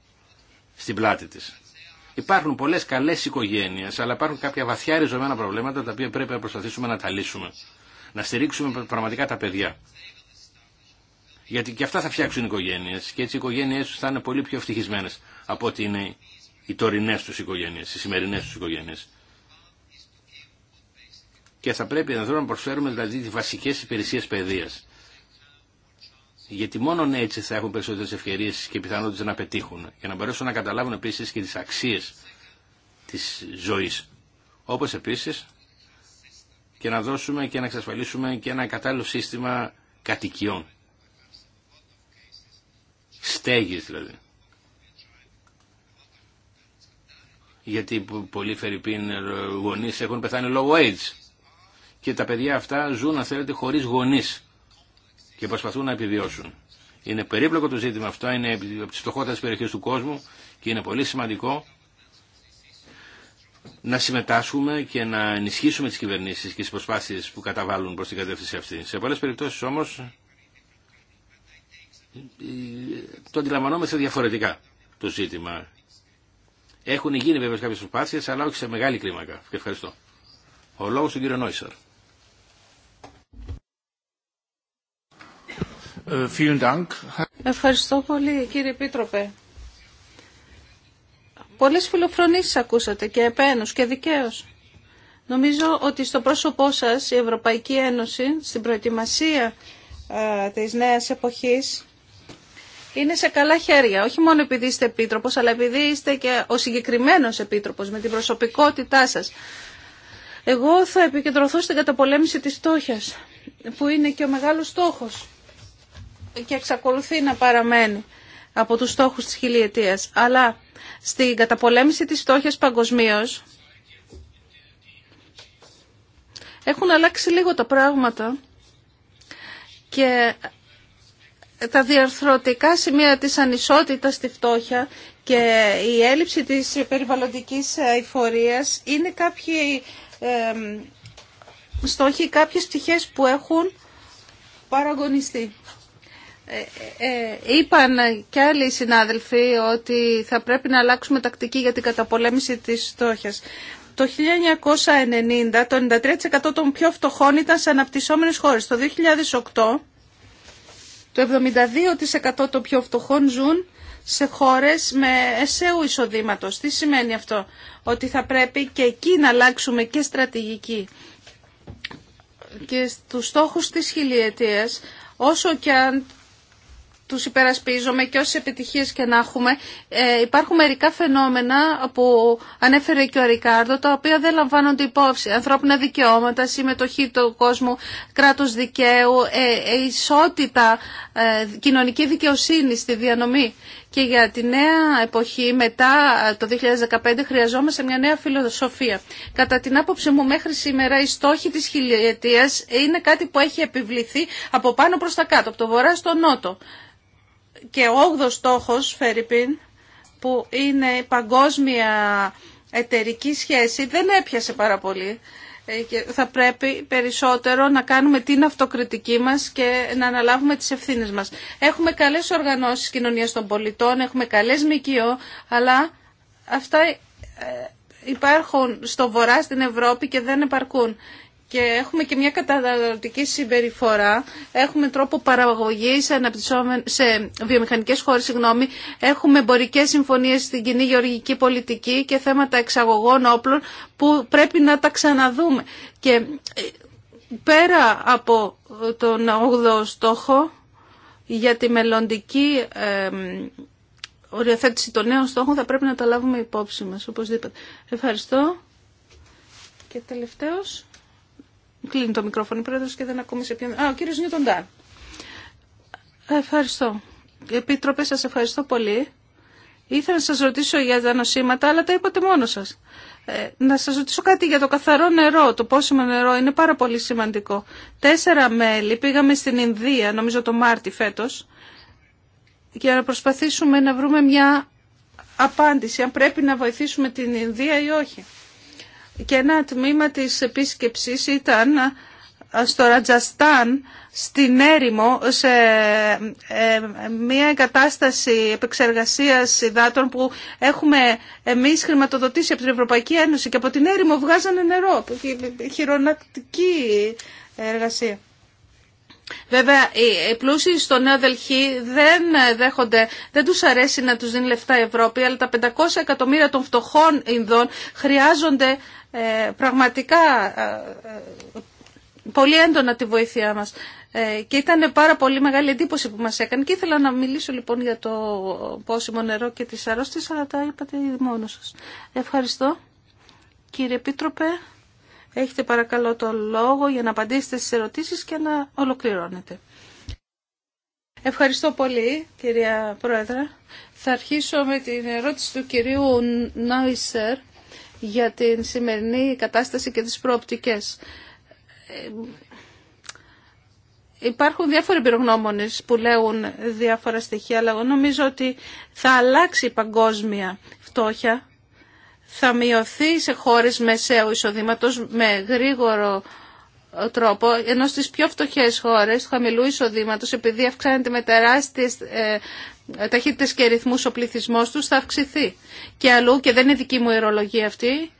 στην πλάτη της. Υπάρχουν πολλές καλές οικογένειες, αλλά υπάρχουν κάποια βαθιά ριζωμένα προβλήματα, τα οποία πρέπει να προσπαθήσουμε να τα λύσουμε. Να στηρίξουμε πραγματικά τα παιδιά. Γιατί και αυτά θα φτιάξουν οικογένειες και έτσι οι οικογένειες του θα είναι πολύ πιο ευτυχισμένες από ότι είναι οι τωρινέ τους οικογένειες οι σημερινές του οικογένειε και θα πρέπει εδώ να προσφέρουμε δηλαδή τι βασικέ υπηρεσίε παιδεία. Γιατί μόνο έτσι θα έχουν περισσότερες ευκαιρίε και πιθανότητε να πετύχουν και να μπορέσουν να καταλάβουν επίσης και τις αξίες τη ζωής. Όπως επίσης και να δώσουμε και να εξασφαλίσουμε και ένα κατάλληλο σύστημα κατοικιών. Στέγης δηλαδή. Γιατί πολλοί φερρυπίν ε, γονείς έχουν πεθάνει λόγω AIDS και τα παιδιά αυτά ζουν, αν θέλετε, χωρίς γονείς και προσπαθούν να επιβιώσουν. Είναι περίπλοκο το ζήτημα αυτό, είναι από τις φτωχότερες περιοχές του κόσμου και είναι πολύ σημαντικό να συμμετάσχουμε και να ενισχύσουμε τις κυβερνήσεις και τις προσπάθειες που καταβάλουν προς την κατεύθυνση αυτή. Σε πολλές περιπτώσεις όμως το αντιλαμβανόμαστε διαφορετικά το ζήτημα. Έχουν γίνει βέβαια κάποιες προσπάθειες αλλά όχι σε μεγάλη κλίμακα. ευχαριστώ. Ο λόγος του κύριου Νόησαρ. Ευχαριστώ πολύ κύριε Επίτροπε. Πολλές φιλοφρονήσεις ακούσατε και επένους και δικαίως. Νομίζω ότι στο πρόσωπό σας η Ευρωπαϊκή Ένωση στην προετοιμασία α, της νέας εποχής είναι σε καλά χέρια. Όχι μόνο επειδή είστε επίτροπος, αλλά επειδή είστε και ο συγκεκριμένος επίτροπος με την προσωπικότητά σας. Εγώ θα επικεντρωθώ στην καταπολέμηση της φτώχειας, που είναι και ο μεγάλος στόχος και εξακολουθεί να παραμένει από τους στόχους της χιλιετίας. Αλλά στην καταπολέμηση της φτώχειας παγκοσμίω έχουν αλλάξει λίγο τα πράγματα και τα διαρθρωτικά σημεία της ανισότητας στη φτώχεια και η έλλειψη της περιβαλλοντικής εφορίας είναι κάποιοι ε, στόχοι, κάποιες πτυχές που έχουν παραγωνιστεί. Ε, ε, είπαν και άλλοι συνάδελφοι ότι θα πρέπει να αλλάξουμε τακτική για την καταπολέμηση της στόχιας. Το 1990 το 93% των πιο φτωχών ήταν σε αναπτυσσόμενες χώρες. Το 2008 το 72% των πιο φτωχών ζουν σε χώρες με εσέου εισοδήματος. Τι σημαίνει αυτό, ότι θα πρέπει και εκεί να αλλάξουμε και στρατηγική. Και στους στόχους της χιλιετίας, όσο και αν τους υπερασπίζομαι και όσες επιτυχίες και να έχουμε, ε, υπάρχουν μερικά φαινόμενα που ανέφερε και ο Ρικάρδο, τα οποία δεν λαμβάνονται υπόψη. Ανθρώπινα δικαιώματα, συμμετοχή του κόσμου, κράτος δικαίου, ε, ε, ισότητα, κοινωνική δικαιοσύνη στη διανομή. Και για τη νέα εποχή, μετά το 2015, χρειαζόμαστε μια νέα φιλοσοφία. Κατά την άποψή μου, μέχρι σήμερα οι στόχοι της χιλιετίας είναι κάτι που έχει επιβληθεί από πάνω προς τα κάτω, από το βορρά στο νότο και ο 8 στόχος, Φερρυπίν, που είναι η παγκόσμια εταιρική σχέση, δεν έπιασε πάρα πολύ. Ε, και θα πρέπει περισσότερο να κάνουμε την αυτοκριτική μας και να αναλάβουμε τις ευθύνες μας. Έχουμε καλές οργανώσεις κοινωνίας των πολιτών, έχουμε καλές ΜΚΟ, αλλά αυτά ε, υπάρχουν στο βορρά στην Ευρώπη και δεν επαρκούν και έχουμε και μια καταναλωτική συμπεριφορά, έχουμε τρόπο παραγωγή σε, σε βιομηχανικέ χώρε, συγγνώμη, έχουμε εμπορικέ συμφωνίε στην κοινή γεωργική πολιτική και θέματα εξαγωγών όπλων που πρέπει να τα ξαναδούμε. Και ε, πέρα από ε, τον 8ο στόχο για τη μελλοντική οριοθέτηση των νέων στόχων θα πρέπει να τα λάβουμε υπόψη μας, οπωσδήποτε. Ευχαριστώ. Και τελευταίος. Κλείνει το μικρόφωνο, πρόεδρος, και δεν ακούμε σε ποιον... Α, ο κύριος Νιούτον Ντάν. Ευχαριστώ. Επίτροπε, σας ευχαριστώ πολύ. Ήθελα να σας ρωτήσω για τα νοσήματα, αλλά τα είπατε μόνο σας. Ε, να σας ρωτήσω κάτι για το καθαρό νερό, το πόσιμο νερό είναι πάρα πολύ σημαντικό. Τέσσερα μέλη πήγαμε στην Ινδία, νομίζω το Μάρτι φέτος, για να προσπαθήσουμε να βρούμε μια απάντηση, αν πρέπει να βοηθήσουμε την Ινδία ή όχι και ένα τμήμα της επίσκεψης ήταν ε, στο Ρατζαστάν, στην έρημο, σε ε, μια εγκατάσταση επεξεργασίας υδάτων που έχουμε εμείς χρηματοδοτήσει από την Ευρωπαϊκή Ένωση και από την έρημο βγάζανε νερό, χειρονακτική εργασία. Βέβαια, οι πλούσιοι στο Νέο Δελχή δεν ε, δέχονται, δεν τους αρέσει να τους δίνει λεφτά η Ευρώπη, αλλά τα 500 εκατομμύρια των φτωχών Ινδών χρειάζονται ε, πραγματικά ε, πολύ έντονα τη βοήθειά μας. και ήταν πάρα πολύ μεγάλη εντύπωση που μας έκανε και ήθελα να μιλήσω λοιπόν για το πόσιμο νερό και τις αρρώστιες, αλλά τα είπατε μόνο σας. Ευχαριστώ. Κύριε Επίτροπε. Έχετε παρακαλώ το λόγο για να απαντήσετε στις ερωτήσεις και να ολοκληρώνετε. Ευχαριστώ πολύ, κυρία Πρόεδρα. Θα αρχίσω με την ερώτηση του κυρίου Νόισερ για την σημερινή κατάσταση και τις προοπτικές. Ε, υπάρχουν διάφοροι πυρογνώμονες που λέγουν διάφορα στοιχεία, αλλά εγώ νομίζω ότι θα αλλάξει η παγκόσμια φτώχεια θα μειωθεί σε χώρες μεσαίου εισοδήματος με γρήγορο ε, τρόπο, ενώ στις πιο φτωχές χώρες του χαμηλού εισοδήματος, επειδή αυξάνεται με τεράστιες ε, ταχύτητες και ρυθμούς ο πληθυσμός τους, θα αυξηθεί. Και αλλού, και δεν είναι δική μου ηρολογία αυτή,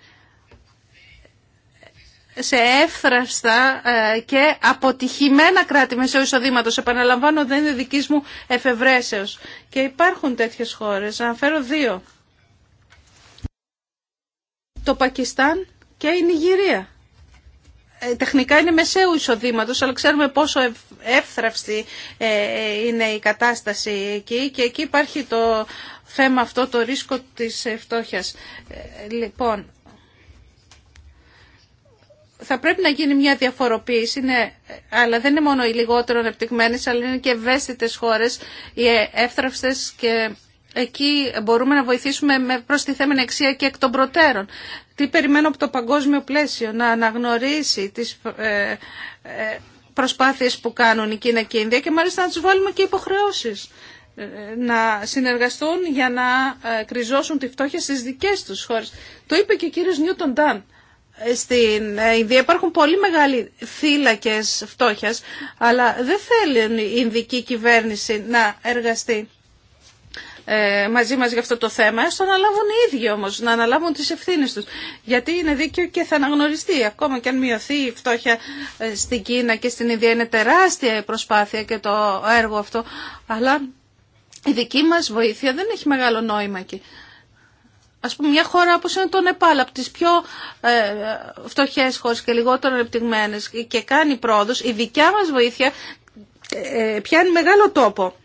σε εύθραυστα ε, και αποτυχημένα κράτη μεσαίου εισοδήματος. Επαναλαμβάνω, δεν είναι δική μου εφευρέσεως. Και υπάρχουν τέτοιες χώρες. Αναφέρω δύο το Πακιστάν και η Νιγηρία. Ε, τεχνικά είναι μεσαίου εισοδήματο, αλλά ξέρουμε πόσο εύθραυστη ε, ε, είναι η κατάσταση εκεί και εκεί υπάρχει το θέμα αυτό, το ρίσκο της φτώχεια. Λοιπόν, θα πρέπει να γίνει μια διαφοροποίηση, αλλά δεν είναι μόνο οι λιγότερο ανεπτυγμένες, αλλά είναι και ευαίσθητες χώρες, οι εύθραυστες και εκεί μπορούμε να βοηθήσουμε με προστιθέμενη αξία και εκ των προτέρων. Τι περιμένω από το παγκόσμιο πλαίσιο, να αναγνωρίσει τις ε, ε, προσπάθειες που κάνουν η Κίνα και η Ινδία και μάλιστα να τους βάλουμε και υποχρεώσεις ε, να συνεργαστούν για να κρυζώσουν τη φτώχεια στις δικές τους χώρες. Το είπε και ο κύριος Νιούτον Ντάν. Στην Ινδία υπάρχουν πολύ μεγάλοι θύλακες φτώχειας, αλλά δεν θέλει η Ινδική κυβέρνηση να εργαστεί ε, μαζί μας για αυτό το θέμα, στο να λάβουν οι ίδιοι όμως, να αναλάβουν τις ευθύνες τους. Γιατί είναι δίκαιο και θα αναγνωριστεί, ακόμα και αν μειωθεί η φτώχεια ε, στην Κίνα και στην Ινδία. Είναι τεράστια η προσπάθεια και το έργο αυτό, αλλά η δική μας βοήθεια δεν έχει μεγάλο νόημα εκεί. Ας πούμε μια χώρα όπως είναι το Νεπάλ, από πιο ε, φτωχές χώρες και λιγότερο ανεπτυγμένες και κάνει πρόοδος, η δικιά μας βοήθεια ε, πιάνει μεγάλο τόπο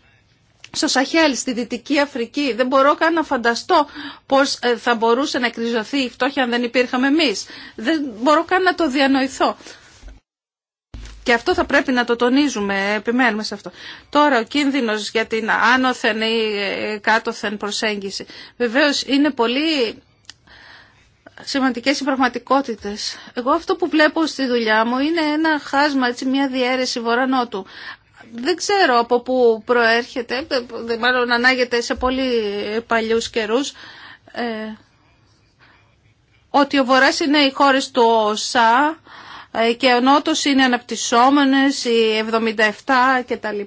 στο Σαχέλ, στη Δυτική Αφρική. Δεν μπορώ καν να φανταστώ πώς ε, θα μπορούσε να κρυζωθεί η φτώχεια αν δεν υπήρχαμε εμείς. Δεν μπορώ καν να το διανοηθώ. Και αυτό θα πρέπει να το τονίζουμε, ε, επιμένουμε σε αυτό. Τώρα ο κίνδυνος για την άνωθεν ή ε, κάτωθεν προσέγγιση. Βεβαίως είναι πολύ σημαντικές οι πραγματικότητες. Εγώ αυτό που βλέπω στη δουλειά μου είναι ένα χάσμα, έτσι, μια διαίρεση βορανότου δεν ξέρω από πού προέρχεται, μάλλον ανάγεται σε πολύ παλιούς καιρούς, ε, ότι ο Βορράς είναι οι χώρες του ΩΣΑ ε, και ο Νότος είναι αναπτυσσόμενες, οι 77 κτλ.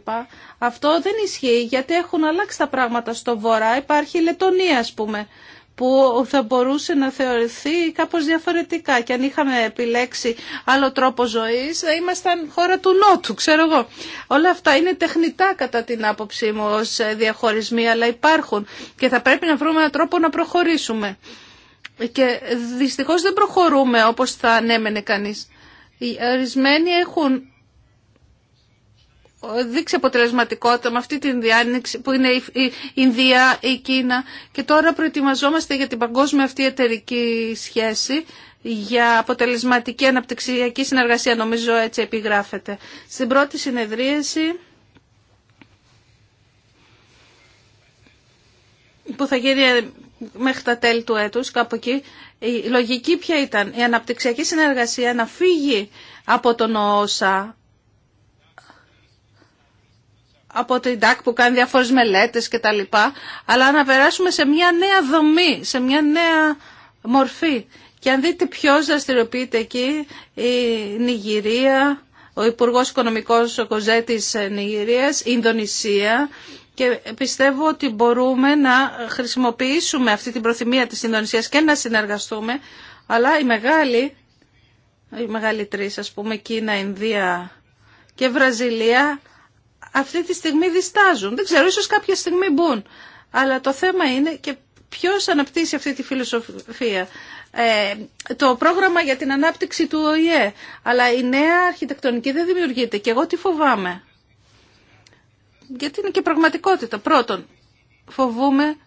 Αυτό δεν ισχύει γιατί έχουν αλλάξει τα πράγματα στο Βορρά. Υπάρχει η Λετωνία ας πούμε που θα μπορούσε να θεωρηθεί κάπως διαφορετικά και αν είχαμε επιλέξει άλλο τρόπο ζωής θα ήμασταν χώρα του Νότου, ξέρω εγώ. Όλα αυτά είναι τεχνητά κατά την άποψή μου ως διαχωρισμοί, αλλά υπάρχουν και θα πρέπει να βρούμε έναν τρόπο να προχωρήσουμε. Και δυστυχώς δεν προχωρούμε όπως θα ανέμενε κανείς. Οι ορισμένοι έχουν δείξει αποτελεσματικότητα με αυτή την διάνοιξη που είναι η Ινδία, η Κίνα και τώρα προετοιμαζόμαστε για την παγκόσμια αυτή εταιρική σχέση για αποτελεσματική αναπτυξιακή συνεργασία, νομίζω έτσι επιγράφεται. Στην πρώτη συνεδρίαση που θα γίνει μέχρι τα τέλη του έτους, κάπου εκεί, η λογική ποια ήταν, η αναπτυξιακή συνεργασία να φύγει από τον ΟΣΑ από την ΤΑΚ που κάνει διάφορες μελέτες και τα λοιπά, αλλά να περάσουμε σε μια νέα δομή, σε μια νέα μορφή. Και αν δείτε ποιο δραστηριοποιείται εκεί, η Νιγηρία, ο Υπουργό Οικονομικός ο της Νιγηρίας, η Ινδονησία και πιστεύω ότι μπορούμε να χρησιμοποιήσουμε αυτή την προθυμία της Ινδονησίας και να συνεργαστούμε, αλλά οι μεγάλοι, οι μεγάλοι τρεις ας πούμε, Κίνα, Ινδία και Βραζιλία αυτή τη στιγμή διστάζουν. Δεν ξέρω, ίσως κάποια στιγμή μπουν. Αλλά το θέμα είναι και ποιος αναπτύσσει αυτή τη φιλοσοφία. Ε, το πρόγραμμα για την ανάπτυξη του ΟΗΕ. Αλλά η νέα αρχιτεκτονική δεν δημιουργείται. Και εγώ τι φοβάμαι. Γιατί είναι και πραγματικότητα. Πρώτον, φοβούμε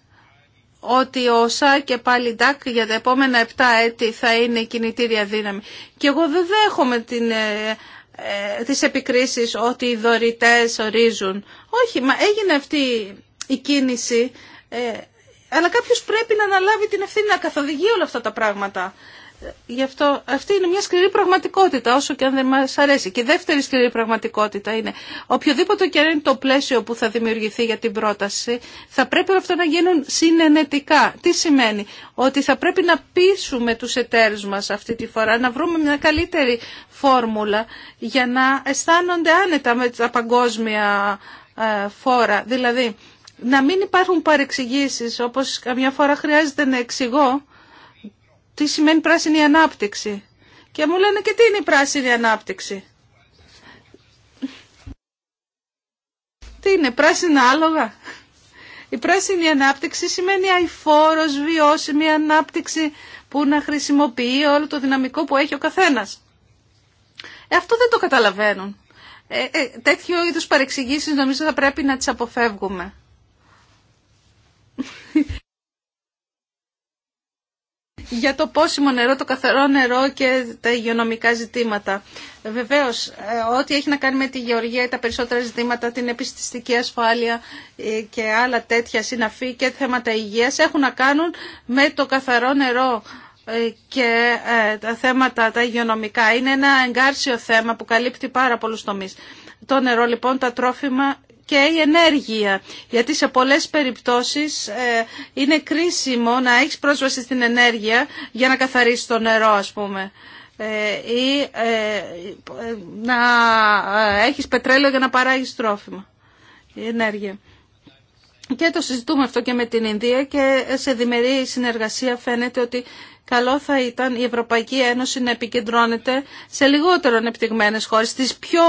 ότι ο ΣΑ και πάλι ΝΤΑΚ για τα επόμενα 7 έτη θα είναι κινητήρια δύναμη. Και εγώ δεν δέχομαι την ε, ε, τις επικρίσεις ότι οι δωρητές ορίζουν. Όχι, μα έγινε αυτή η κίνηση, ε, αλλά κάποιος πρέπει να αναλάβει την ευθύνη να καθοδηγεί όλα αυτά τα πράγματα. Γι' αυτό αυτή είναι μια σκληρή πραγματικότητα, όσο και αν δεν μας αρέσει. Και η δεύτερη σκληρή πραγματικότητα είναι οποιοδήποτε και είναι το πλαίσιο που θα δημιουργηθεί για την πρόταση, θα πρέπει αυτό να γίνουν συνενετικά. Τι σημαίνει, ότι θα πρέπει να πείσουμε τους εταίρους μας αυτή τη φορά, να βρούμε μια καλύτερη φόρμουλα για να αισθάνονται άνετα με τα παγκόσμια ε, φόρα. Δηλαδή, να μην υπάρχουν παρεξηγήσεις, όπως καμιά φορά χρειάζεται να εξηγώ, τι σημαίνει πράσινη ανάπτυξη. Και μου λένε και τι είναι η πράσινη ανάπτυξη. Τι είναι, πράσινα άλογα. Η πράσινη ανάπτυξη σημαίνει αηφόρος, βιώσιμη ανάπτυξη που να χρησιμοποιεί όλο το δυναμικό που έχει ο καθένας. Ε, αυτό δεν το καταλαβαίνουν. Ε, ε, τέτοιο είδους παρεξηγήσεις νομίζω θα πρέπει να τις αποφεύγουμε. για το πόσιμο νερό, το καθαρό νερό και τα υγειονομικά ζητήματα. Βεβαίως, ε, ό,τι έχει να κάνει με τη γεωργία, τα περισσότερα ζητήματα, την επιστηστική ασφάλεια ε, και άλλα τέτοια συναφή και θέματα υγείας έχουν να κάνουν με το καθαρό νερό ε, και τα θέματα τα υγειονομικά. Είναι ένα εγκάρσιο θέμα που καλύπτει πάρα πολλούς τομείς. Το νερό λοιπόν, τα τρόφιμα και η ενέργεια. Γιατί σε πολλές περιπτώσεις ε, είναι κρίσιμο να έχεις πρόσβαση στην ενέργεια για να καθαρίσεις το νερό ας πούμε ε, ή ε, να έχεις πετρέλαιο για να παράγεις τρόφιμα η ενέργεια. Και το συζητούμε αυτό και με την Ινδία και σε διμερή συνεργασία φαίνεται ότι καλό θα ήταν η Ευρωπαϊκή Ένωση να επικεντρώνεται σε λιγότερο ανεπτυγμένες χώρες, στις πιο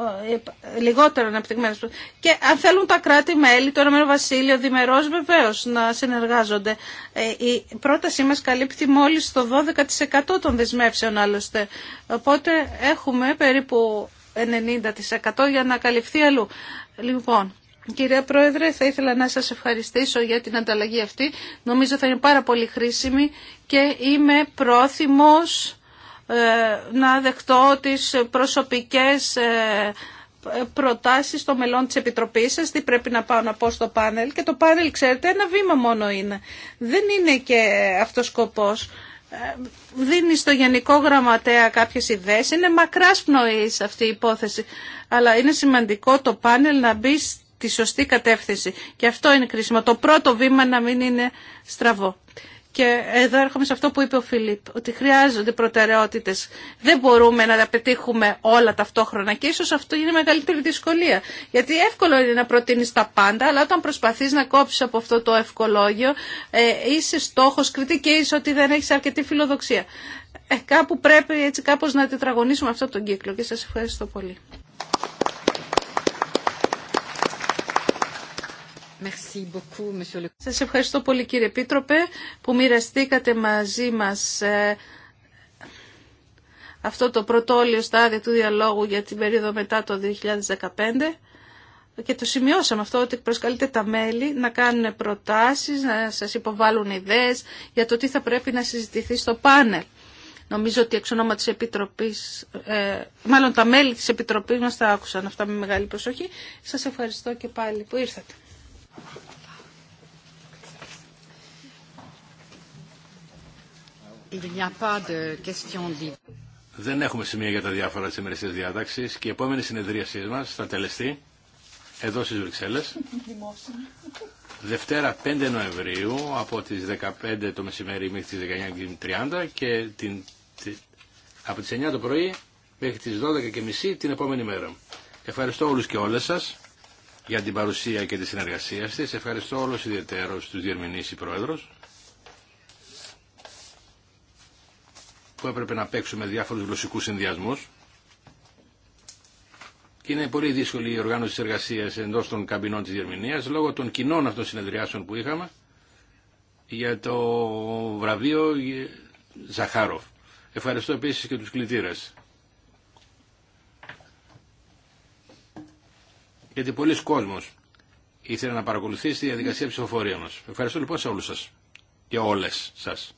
ε, ε, λιγότερο αναπτυγμένε. Και αν θέλουν τα κράτη-μέλη, το Ηνωμένο Βασίλειο, διμερό βεβαίω να συνεργάζονται. Ε, η πρότασή μα καλύπτει μόλι το 12% των δεσμεύσεων άλλωστε. Οπότε έχουμε περίπου 90% για να καλυφθεί αλλού. Λοιπόν, Κυρία Πρόεδρε, θα ήθελα να σας ευχαριστήσω για την ανταλλαγή αυτή. Νομίζω θα είναι πάρα πολύ χρήσιμη και είμαι πρόθυμος ε, να δεχτώ τις προσωπικές ε, προτάσεις των μελών της Επιτροπής σας, τι πρέπει να πάω να πω στο πάνελ και το πάνελ ξέρετε ένα βήμα μόνο είναι. Δεν είναι και αυτός σκοπός. Ε, δίνει στο Γενικό Γραμματέα κάποιες ιδέες. Είναι μακράς πνοής αυτή η υπόθεση. Αλλά είναι σημαντικό το πάνελ να μπει στη σωστή κατεύθυνση. Και αυτό είναι κρίσιμο. Το πρώτο βήμα να μην είναι στραβό. Και εδώ έρχομαι σε αυτό που είπε ο Φιλίπ, ότι χρειάζονται προτεραιότητε. Δεν μπορούμε να τα πετύχουμε όλα ταυτόχρονα και ίσω αυτό είναι μεγαλύτερη δυσκολία. Γιατί εύκολο είναι να προτείνει τα πάντα, αλλά όταν προσπαθεί να κόψει από αυτό το ευκολόγιο, ε, είσαι στόχο κριτική ότι δεν έχει αρκετή φιλοδοξία. Ε, κάπου πρέπει έτσι κάπω να τετραγωνίσουμε αυτό τον κύκλο και σα ευχαριστώ πολύ. Σας ευχαριστώ πολύ κύριε Επίτροπε που μοιραστήκατε μαζί μας ε, αυτό το πρωτόλιο στάδιο του διαλόγου για την περίοδο μετά το 2015 και το σημειώσαμε αυτό ότι προσκαλείτε τα μέλη να κάνουν προτάσεις, να σας υποβάλουν ιδέες για το τι θα πρέπει να συζητηθεί στο πάνελ. Νομίζω ότι εξ ονόμα της Επιτροπής, ε, μάλλον τα μέλη της Επιτροπής μας τα άκουσαν αυτά με μεγάλη προσοχή. Σας ευχαριστώ και πάλι που ήρθατε. Δεν έχουμε σημεία για τα διάφορα της ημερησίας διάταξης και η επόμενη συνεδρίασή μας θα τελεστεί εδώ στις Βρυξέλλες. Δευτέρα 5 Νοεμβρίου από τις 15 το μεσημέρι μέχρι τις 19.30 και την, από τις 9 το πρωί μέχρι τις 12.30 την επόμενη μέρα. Ευχαριστώ όλους και όλες σας για την παρουσία και τη συνεργασία τη. Ευχαριστώ όλους ιδιαίτερω του διερμηνείς η Πρόεδρος που έπρεπε να παίξουμε διάφορους γλωσσικούς συνδυασμού και είναι πολύ δύσκολη η οργάνωση τη εργασία εντός των καμπινών της διερμηνία λόγω των κοινών αυτών συνεδριάσεων που είχαμε για το βραβείο Ζαχάροφ. Ευχαριστώ επίσης και τους κλητήρες. γιατί πολλοί κόσμος ήθελε να παρακολουθήσει τη διαδικασία ψηφοφορία μας. Ευχαριστώ λοιπόν σε όλους σας και όλες σας.